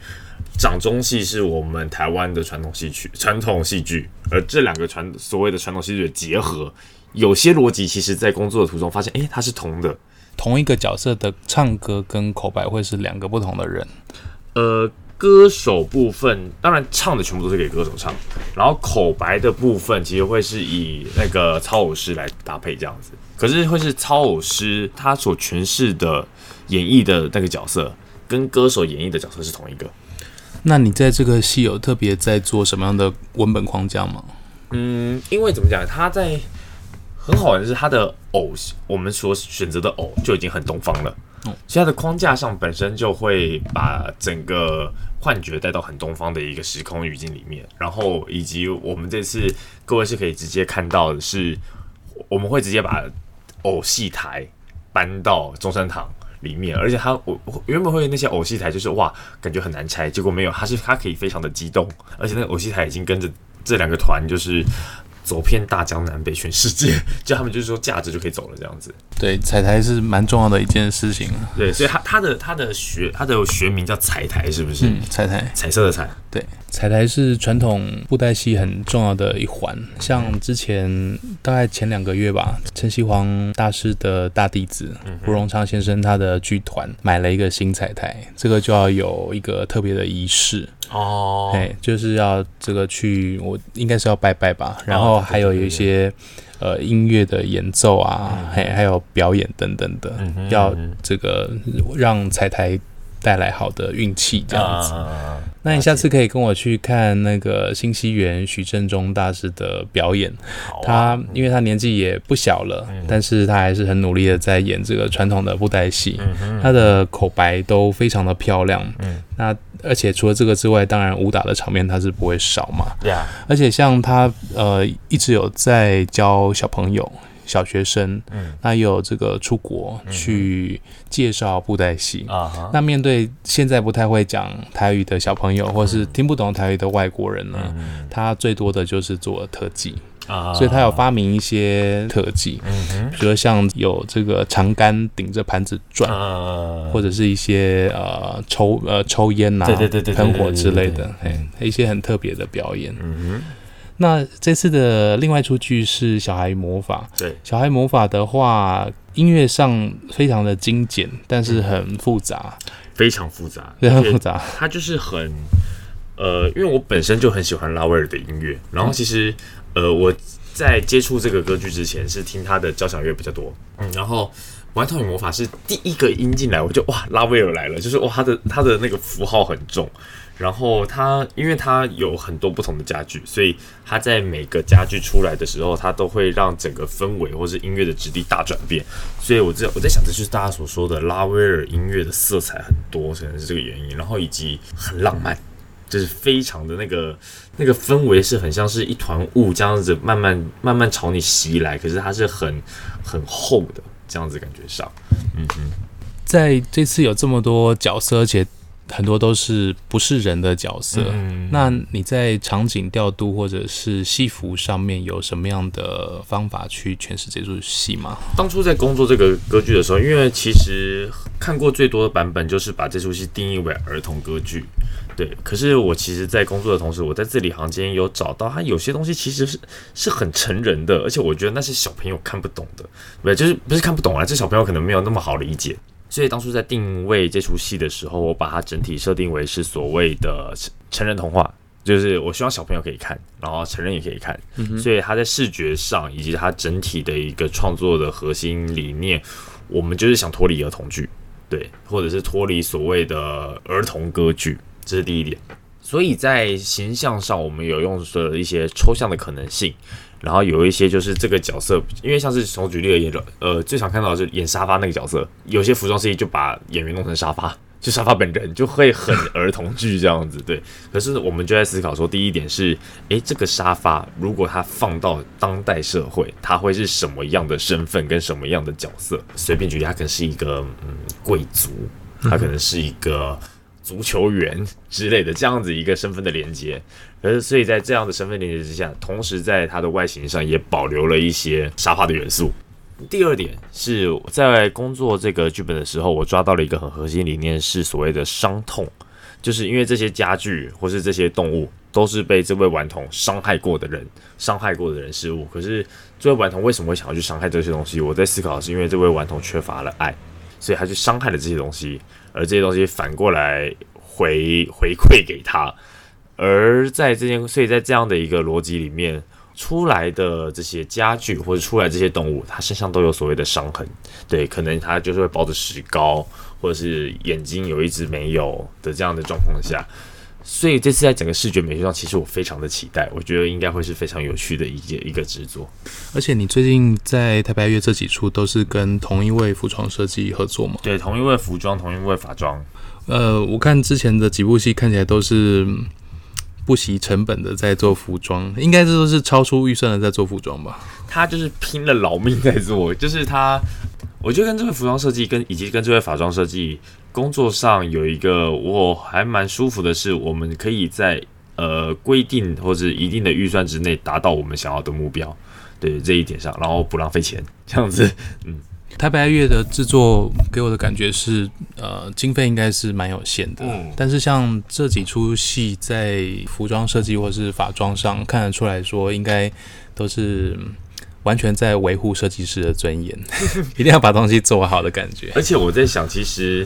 掌中戲是我們台灣的傳統戲曲，傳統戲劇，而這兩個傳所謂的傳統戲劇的結合，有些邏輯，其實在工作的途中發現，誒，它是同的，同一個角色的唱歌跟口白會是兩個不同的人，呃。歌手部分當然唱的全部都是給歌手唱，然後口白的部分其實會是以那個操偶師來搭配這樣子，可是會是操偶師他所詮釋的演繹的那個角色，跟歌手演繹的角色是同一個。那你在這個戲有特別在做什麼樣的文本框架嗎？嗯，因為怎麼講，他在很好玩，就是他的偶，我們所選擇的偶就已經很東方了，嗯，其他的框架上本身就會把整個。幻覺帶到很東方的一個時空語境裡面，然後以及我們這次各位是可以直接看到的是，我們會直接把偶戲台搬到中山堂裡面，而且他，我原本會那些偶戲台就是哇，感覺很難拆，結果沒有，他是他可以非常的激動，而且那個偶戲台已經跟着這兩個團就是。走遍大江南北，全世界， 就他們就是說價值就可以走了這樣子。對，彩台是蠻重要的一件事情啊。對，所以它它的它的學它的學名叫彩台，是不是？嗯、彩台，彩色的彩。對，彩台是傳統布袋戲很重要的一環。像之前大概前兩個月吧，陳錫煌大師的大弟子、嗯、哼胡榮昌先生他的劇團買了一個新彩台，這個就要有一個特別的儀式。哦，嘿，就是要這個去，我應該是要拜拜吧。然後還有一些，呃，音樂的演奏啊，嘿，還有表演等等的，要這個讓彩台帶來好的運氣這樣子。那你下次可以跟我去看那個新西園許正宗大師的表演，他因為他年紀也不小了，但是他還是很努力的在演這個傳統的布袋戲，他的口白都非常的漂亮。嗯，那。而且除了這個之外，當然武打的場面他是不會少嘛。對啊，而且像他呃一直有在教小朋友。小學生，那有這個出國去介紹布袋戲、嗯、哼那面對現在不太會講台語的小朋友，或是聽不懂台語的外國人呢，嗯、哼他最多的就是做特技、嗯、哼所以他有發明一些特技，嗯、哼比如像有這個長桿頂着盤子轉、嗯、哼或者是一些呃抽呃抽煙吶、對對對對、啊，噴火之類的，一些很特別的表演，嗯那這次的另外一出劇是《小孩魔法》。對，《小孩魔法》的話，音樂上非常的精簡，但是很複雜，非常複雜，非常複雜。複雜，它就是很，呃，因為我本身就很喜歡拉威爾的音樂，然後其實，嗯、呃，我在接觸這個歌劇之前是聽他的交響樂比較多。嗯，然後《外套與魔法》是第一個音進來，我就哇，拉威爾來了，就是哇，他的他的那個符號很重。然後它，因為它有很多不同的家具，所以它在每個家具出來的時候，它都會讓整個氛圍或是音樂的質地大轉變。所以我在我在想這就是大家所說的拉威爾音樂的色彩很多，可能是這個原因。然後以及很浪漫，就是非常的那個那個氛圍是很像是一團霧這樣子慢慢慢慢朝你襲來，可是它是很很厚的這樣子感覺上。嗯嗯，在這次有這麼多角色，而且。很多都是不是人的角色。嗯，那你在場景調度或者是戲服上面有什麼樣的方法去詮釋這出戲嗎？當初在工作這個歌劇的時候，因為其實看過最多的版本就是把這出戲定義為兒童歌劇。對，可是我其實，在工作的同時，我在字裡行間有找到它有些東西其實是是很成人的，而且我覺得那是小朋友看不懂的，對，就是不是看不懂啊，這小朋友可能沒有那麼好理解。所以當初在定位這出戲的時候，我把它整體設定為是所謂的成成人童話，就是我希望小朋友可以看，然後成人也可以看。嗯、哼所以它在視覺上以及它整體的一個創作的核心理念，嗯、我們就是想脫離兒童劇，對，或者是脫離所謂的兒童歌劇，這是第一點。所以在形象上，我們有用的一些抽象的可能性。然後有一些就是這個角色，因為像是從舉例而言，呃，最常看到的是演沙發那個角色，有些服裝設計就把演員弄成沙發，就沙發本人就會很兒童劇這樣子，對。可是我們就在思考說，第一點是，誒、欸，這個沙發如果它放到當代社會，它會是什麼樣的身份跟什麼樣的角色？隨便舉例，它可能是一個嗯貴族，它可能是一個。嗯足球員之類的這樣子一個身份的連接，而所以在這樣的身份連接之下，同時在它的外形上也保留了一些沙發的元素。第二點是在工作這個劇本的時候，我抓到了一個很核心理念，是所謂的傷痛，就是因為這些家具或是這些動物都是被這位頑童傷害過的人傷害過的人事物。可是這位頑童為什麼會想要去傷害這些東西？我在思考的是因為這位頑童缺乏了愛，所以他去傷害了這些東西。而這些東西反過來回回饋給他，而在這件，所以在這樣的一個邏輯裡面出來的這些家具或者出來這些動物，它身上都有所謂的傷痕，對，可能它就是會包着石膏，或者是眼睛有一隻沒有的這樣的狀況下。所以這次在整個視覺美學上，其實我非常的期待，我覺得應該會是非常有趣的一件一個製作。而且你最近在台北愛樂這幾齣都是跟同一位服裝設計合作嗎？對，同一位服裝，同一位髮妝。呃，我看之前的幾部戲看起來都是不惜成本的在做服裝，應該這都是超出預算的在做服裝吧？他就是拼了老命在做，就是他，我覺得跟這位服裝設計跟以及跟這位髮妝設計工作上有一個我還蠻舒服的是，我們可以在呃規定或者一定的預算之內達到我們想要的目標，對這一點上，然後不浪費錢，這樣子。嗯，台北愛樂的制作給我的感覺是，呃，經費應該是蠻有限的，嗯，但是像這幾齣戲在服裝設計或是髮裝上看得出來說，應該都是完全在維護設計師的尊嚴， 一定要把東西做好的感覺。而且我在想，其實。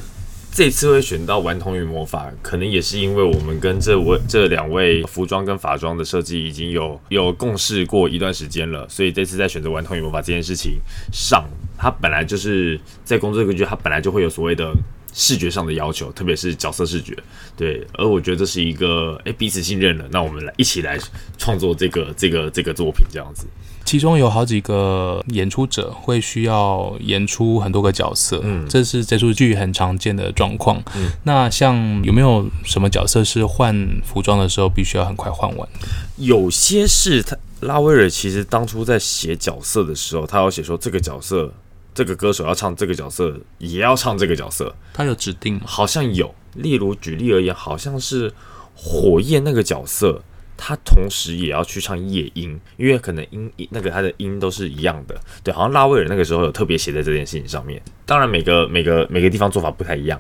這次會選到《頑童與魔法》，可能也是因為我們跟這位、這兩位服裝跟法裝的設計已經有有共事過一段時間了，所以這次在選擇《頑童與魔法》這件事情上，他本來就是在工作格局，他本來就會有所謂的視覺上的要求，特別是角色視覺。對，而我覺得這是一個哎，彼此信任了，那我們來一起來創作這個、這個、這個作品，這樣子。其中有好幾個演出者會需要演出很多個角色，嗯，這是這出劇很常見的狀況。嗯，那像有沒有什麼角色是換服裝的時候必須要很快換完？有些是他拉威爾其實當初在寫角色的時候，他要寫說這個角色，這個歌手要唱這個角色，也要唱這個角色，他有指定嗎？好像有，例如舉例而言，好像是火焰那個角色。他同時也要去唱夜鶯，因為可能音那個他的音都是一樣的，對,好像拉威爾那個時候有特別寫在這件事情上面。當然每個，每個每個每個地方做法不太一樣，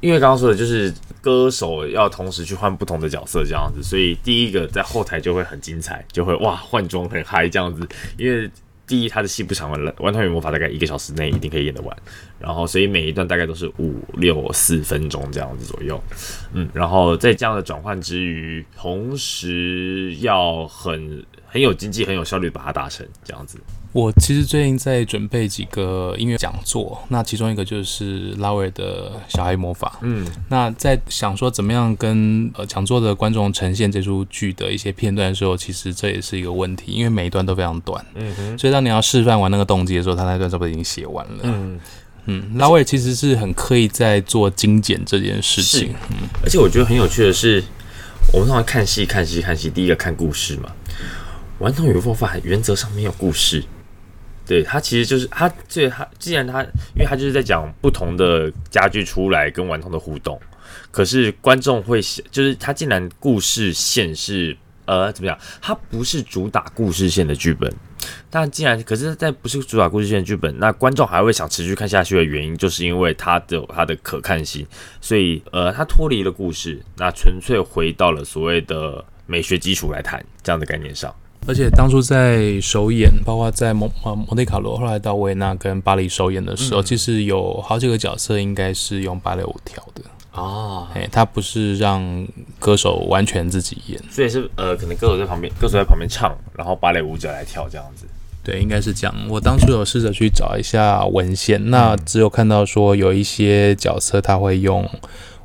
因為剛剛說的就是歌手要同時去換不同的角色這樣子，所以第一個在後台就會很精彩，就會哇換裝很嗨這樣子，因為。第一，他的戲不長了，小孩與魔法大概一個小時內一定可以演得完，然後所以每一段大概都是五六四分鐘這樣子左右，嗯，然後在這樣的轉換之餘，同時要很很有經濟、很有效率把它達成這樣子。我其實最近在準備幾個音樂講座，那其中一個就是拉威爾的《小孩魔法》。嗯，那在想說怎麼樣跟呃講座的觀眾呈現這齣劇的一些片段的時候，其實這也是一個問題，因為每一段都非常短。嗯哼，所以當你要示範完那個動機的時候，他那段差不多已經寫完了。嗯嗯，拉威爾、嗯、且其實是很刻意在做精簡這件事情。嗯，而且我覺得很有趣的是，我們通常看戲、看戲、看戲，第一個看故事嘛，《頑童與魔法》原則上沒有故事。對他其實就是他，這他既然他，因為他就是在講不同的家具出來跟頑童的互動，可是觀眾會想，就是他竟然故事線是呃怎麼樣？它不是主打故事線的劇本，但既然可是在不是主打故事線的劇本，那觀眾還會想持續看下去的原因，就是因為它的它的可看性，所以呃，它脫離了故事，那純粹回到了所謂的美學基礎來談這樣的概念上。而且當初在首演，包括在蒙呃蒙地卡羅，後來到維也納、跟巴黎首演的時候，嗯、其實有好幾個角色應該是用芭蕾舞跳的啊，誒、哦，他、欸、不是讓歌手完全自己演，所以是呃，可能歌手在旁邊，歌手在旁邊唱，嗯、然後芭蕾舞者來跳這樣子。對，應該是這樣。我當初有試着去找一下文獻，那只有看到說有一些角色他會用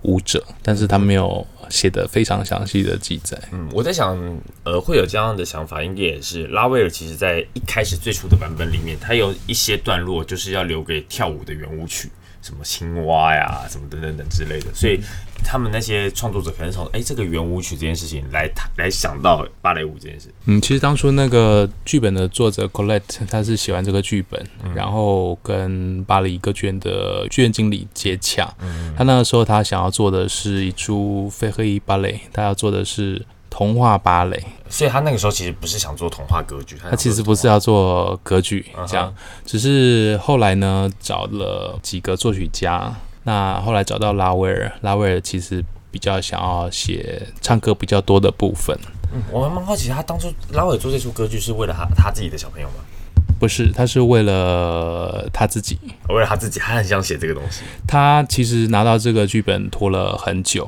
舞者，但是他沒有。寫的非常詳細的記載。嗯，我在想，呃，會有這樣的想法，應該也是拉威爾，其實在一開始最初的版本裡面，他有一些段落就是要留給跳舞的圓舞曲。什麼青蛙呀、啊，什麼等等等之類的，所以他們那些創作者很少哎，這個圓舞曲這件事情來談來想到芭蕾舞這件事。嗯，其實當初那個劇本的作者 Colette，他是喜歡這個劇本，嗯、然後跟巴黎歌劇院的劇院經理接洽。他、嗯、那個時候他想要做的是一出非黑衣芭蕾，他要做的是。童話芭蕾，所以他那個時候其實不是想做童話歌劇，他,他其實不是要做歌劇這樣，uh huh. 只是後來呢找了幾個作曲家，那後來找到拉威爾，拉威爾其實比較想要寫唱歌比較多的部分。嗯、我還蠻好奇，他當初拉威爾做這出歌劇是為了他他自己的小朋友嗎？不是，他是為了他自己，哦、為了他自己，他很想寫這個東西。他其實拿到這個劇本拖了很久。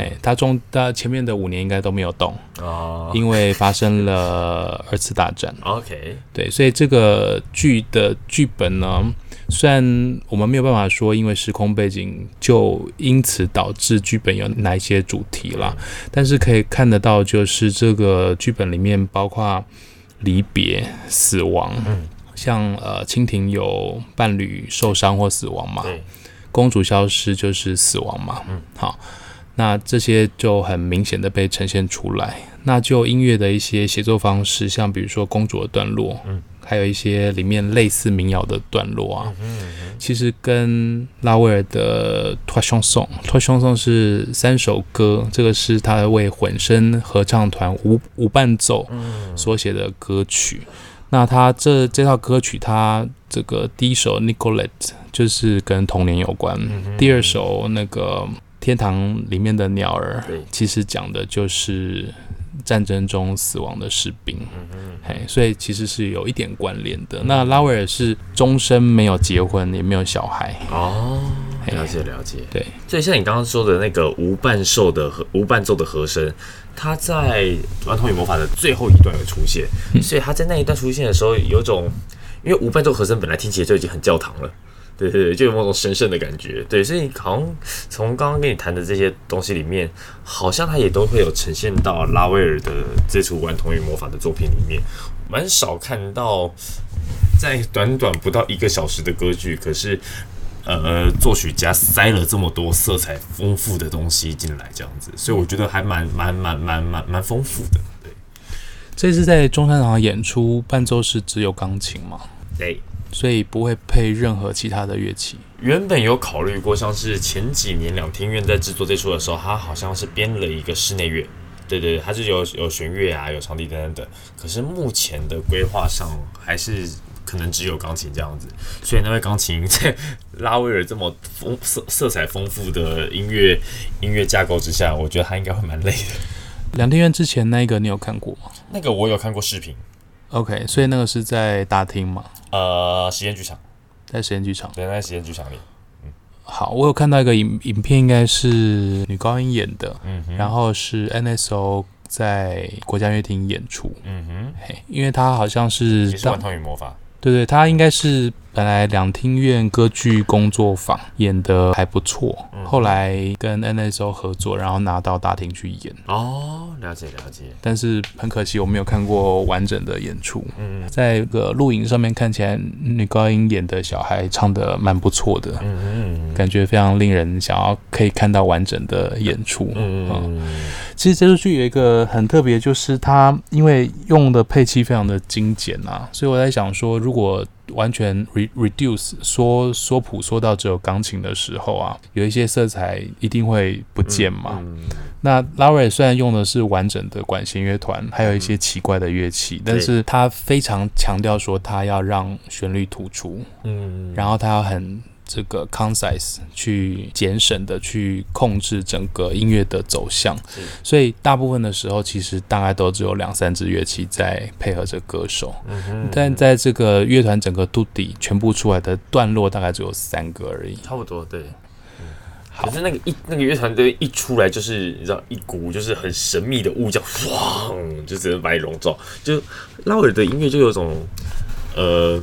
哎，欸、他中他前面的五年應該都沒有動哦，因為發生了二次大戰。OK，對，所以這個劇的劇本呢，雖然我們沒有辦法說因為時空背景就因此導致劇本有哪一些主題啦，但是可以看得到，就是這個劇本裡面包括離別、死亡，像呃蜻蜓，有伴侶受傷或死亡嘛，公主消失就是死亡嘛，嗯，好。那這些就很明顯的被呈現出來。那就音樂的一些寫作方式，像比如說公主的段落，還有一些裡面類似民謠的段落啊，嗯，其實跟拉威爾的《Trois Chansons》，《Trois Chansons》是三首歌，這個是他為混聲合唱團無無伴奏所寫的歌曲。那他這這套歌曲，他這個第一首《Nicolette》就是跟童年有關，第二首那個。天堂裡面的鳥兒，其實講的就是戰爭中死亡的士兵，嗯嗯嘿，所以其實是有一點關聯的。嗯、那拉威爾是終身沒有結婚，也沒有小孩。哦嘿了，了解了解。對，所以像你剛剛說的那個無伴奏的和無伴奏的和聲，它在《兒童與魔法》的最後一段有出現，嗯、所以他在那一段出現的時候有一，有種因為無伴奏和聲本來聽起來就已經很教堂了。對對，對就有某種神聖的感覺。對，所以好像從剛剛跟你談的這些東西裡面，好像它也都會有呈現到拉威爾的這出《頑童與魔法》的作品裡面。蠻少看到，在短短不到一個小時的歌劇，可是呃，作曲家塞了這麼多色彩豐富的東西進來，這樣子，所以我覺得還蠻蠻蠻蠻蠻蠻，蠻豐富的。對，這次在中山堂的演出伴奏是只有鋼琴嗎？對。所以不會配任何其他的樂器。原本有考慮過，像是前幾年兩廳院在製作這出的時候，他好像是編了一個室內樂，對對對，他是有有弦樂啊，有長笛等等等。可是目前的規劃上，還是可能只有鋼琴這樣子。所以那位鋼琴在拉威爾這麼豐色色彩豐富的音樂音樂架構之下，我覺得他應該會蠻累的。兩廳院之前那個你有看過嗎？那個我有看過視頻。OK，所以那個是在大廳嗎？呃，實驗劇場，在實驗劇場，對，在實驗劇場裡，嗯，好，我有看到一個影影片，應該是女高音演的，嗯哼，然後是 NSO 在國家樂廳演出，嗯哼嘿，因為他好像是《小孩與魔法》，對對，他應該是。本來兩廳院歌劇工作坊演的還不錯，嗯、後來跟 NSO 合作，然後拿到大廳去演。哦，了解了解。但是很可惜，我沒有看過完整的演出。嗯，在一個錄影上面看起來，女高音演的小孩唱的蠻不錯的。嗯，嗯，嗯，感覺非常令人想要可以看到完整的演出。嗯，嗯，其實這部劇有一個很特別，就是它因為用的配器非常的精簡啊，所以我在想說，如果完全 re reduce 說說譜說到只有鋼琴的時候啊，有一些色彩一定會不見嘛。嗯嗯、那拉威爾雖然用的是完整的管弦樂團，還有一些奇怪的樂器，嗯、但是他非常強調說他要讓旋律突出，嗯，嗯然後他要很。這個 concise 去減省的去控制整個音樂的走向，所以大部分的時候其實大概都只有兩三支樂器在配合着歌手，但在這個樂團整個 tutti 全部出來的段落大概只有三個而已，嗯嗯嗯嗯、差不多對、嗯。可是那個一那個樂團隊一出來就是你知道一股就是很神秘的霧叫，就直接把你籠罩，就拉爾的音樂就有種呃。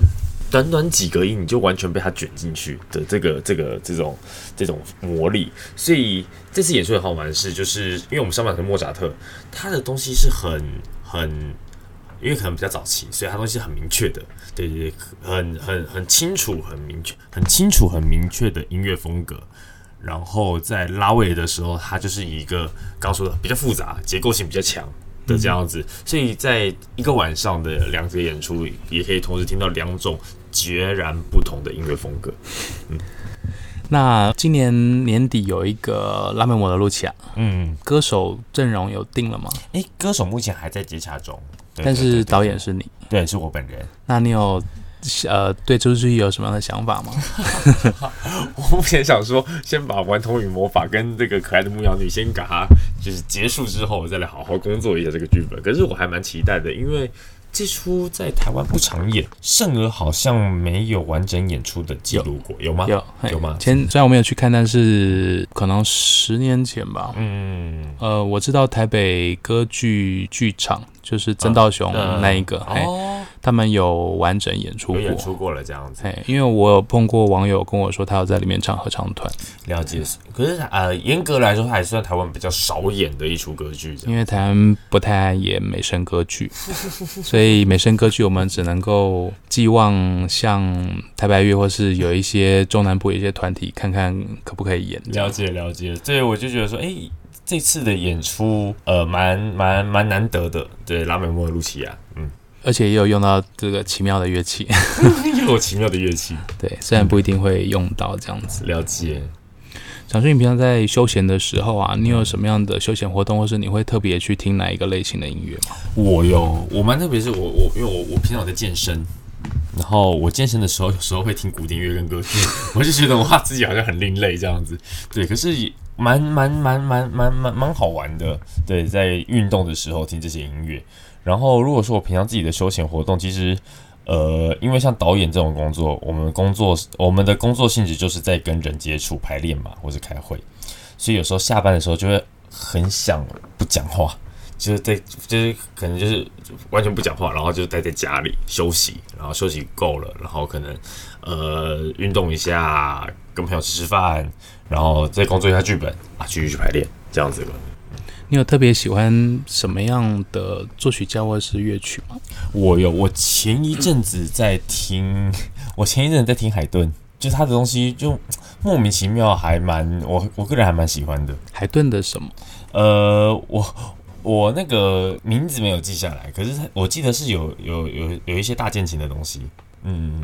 短短幾個音，你就完全被他捲進去的這個這個這種這種魔力。所以這次演出也很好玩是，是就是因為我們上半場莫扎特，他的東西是很很，因為可能比較早期，所以他東西是很明確的，對對對，很很很清楚，很明確，很清楚很明確的音樂風格。然後在拉威爾的時候，他就是一個剛剛說的比較複雜、結構性比較強的這樣子。嗯、所以在一個晚上的兩場演出裡，也可以同時聽到兩種，截然不同的音樂風格。嗯，那今年年底有一個拉美默爾的露琪亞啊，嗯，歌手陣容有定了嗎？哎、欸，歌手目前還在接洽中，對對對對但是導演是你，對，是我本人。那你有呃對周志毅有什麼樣的想法嗎？我目 前 想說，先把《頑童與魔法》跟這個可愛的牧羊女先嘎，就是結束之後，再來好好工作一下這個劇本。可是我還蠻期待的，因為。這出在台灣不常演，聖兒好像沒有完整演出的記錄過，有嗎？有有，嘿有嗎？前雖然我沒有去看，但是可能十年前吧。嗯，呃，我知道台北歌劇劇場就是曾道雄、啊、那一個。嗯嘿哦他們有完整演出過，演出過了這樣子。因為我有碰過網友跟我說，他要在裡面唱合唱團。了解，可是呃，嚴格來說，還是在台灣比較少演的一出歌劇。因為台灣不太愛演美聲歌劇， 所以美聲歌劇我們只能夠寄望像台北愛樂，或是有一些中南部一些團體看看可不可以演這個。了解了解了，所以我就覺得說，哎、欸，這次的演出呃，蠻蠻蠻難得的。對，拉美莫爾露琪亞，嗯。而且也有用到這個奇妙的樂器， 有奇妙的樂器。 對，雖然不一定會用到這樣子，嗯。了解。小俊，你平常在休閒的時候啊，你有什麼樣的休閒活動，或是你會特別去聽哪一個類型的音樂嗎？我有，我蠻特別是我我因為我我平常我在健身，然後我健身的時候有時候會聽古典樂跟歌曲， 我就覺得我自己好像很另類這樣子。對，可是也蠻蠻蠻蠻蠻蠻蠻好玩的。對，在運動的時候聽這些音樂。然後，如果說我平常自己的休閒活動，其實，呃，因為像導演這種工作，我們工作，我們的工作性質就是在跟人接觸、排練嘛，或者開會，所以有時候下班的時候就會很想不講話，就是在就是可能就是完全不講話，然後就待在家裡休息，然後休息夠了，然後可能呃運動一下，跟朋友吃吃飯，然後再工作一下劇本啊，繼續去排練這樣子的。你有特別喜歡什麼樣的作曲家或是樂曲嗎？我有，我前一陣子在聽，我前一陣在聽海頓，就他的東西就莫名其妙還，還蠻我我個人還蠻喜歡的。海頓的什麼？呃，我我那個名字沒有記下來，可是我記得是有有有有一些大鍵琴的東西，嗯，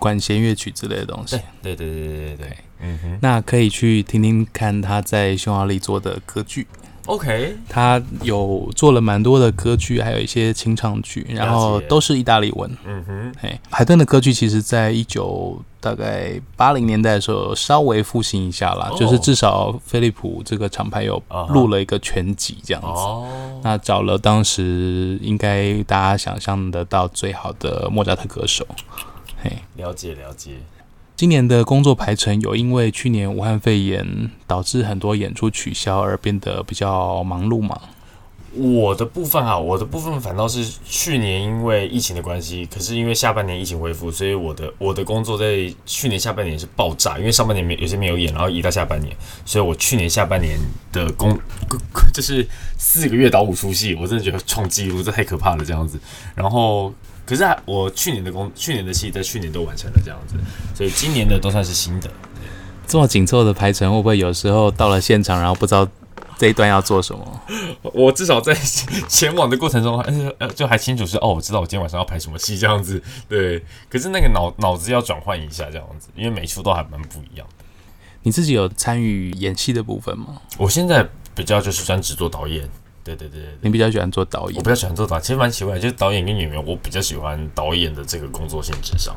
管弦樂曲之類的東西。對對對對對對對，Okay. 嗯哼，那可以去聽聽看他在匈牙利做的歌劇。OK，他有做了蠻多的歌劇，還有一些清唱劇，了解，然後都是意大利文。嗯哼，嘿，海頓的歌劇其實，在一九大概八零年代的時候稍微復興一下啦，哦、就是至少飛利浦這個廠牌有錄了一個全集這樣子。哦，哦，那找了當時應該大家想象得到最好的莫扎特歌手，嘿，了解了解。了解今年的工作排程有因為去年武漢肺炎導致很多演出取消而變得比較忙碌嗎？我的部分啊，我的部分反倒是去年因為疫情的關係，可是因為下半年疫情恢復，所以我的我的工作在去年下半年是爆炸，因為上半年沒有些沒有演，然後移到下半年，所以我去年下半年的工就是四個月導五出戲，我真的覺得創紀錄，這太可怕了，這樣子，然後。可是還我去年的工，去年的戲在去年都完成了這樣子，所以今年的都算是新的。這麼緊湊的排程，會不會有時候到了現場，然後不知道這一段要做什麼？我，我至少在前往的過程中，呃、就還清楚是哦，我知道我今天晚上要排什麼戲這樣子。對，可是那個腦腦子要轉換一下這樣子，因為每一齣都還蠻不一樣的。你自己有參與演戲的部分嗎？我現在比較就是專職做導演。對對，對對對，你比較喜歡做導演？我比較喜歡做導演，其實蠻奇怪，就是導演跟演員，我比較喜歡導演的這個工作性質上。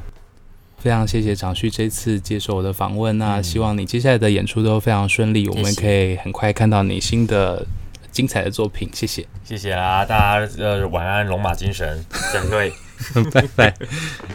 非常謝謝昶旭這次接受我的訪問，那希望你接下來的演出都非常順利，嗯、我們可以很快看到你新的精彩的作品。謝謝，謝謝啦，大家呃晚安，龍馬精神，講對 拜拜。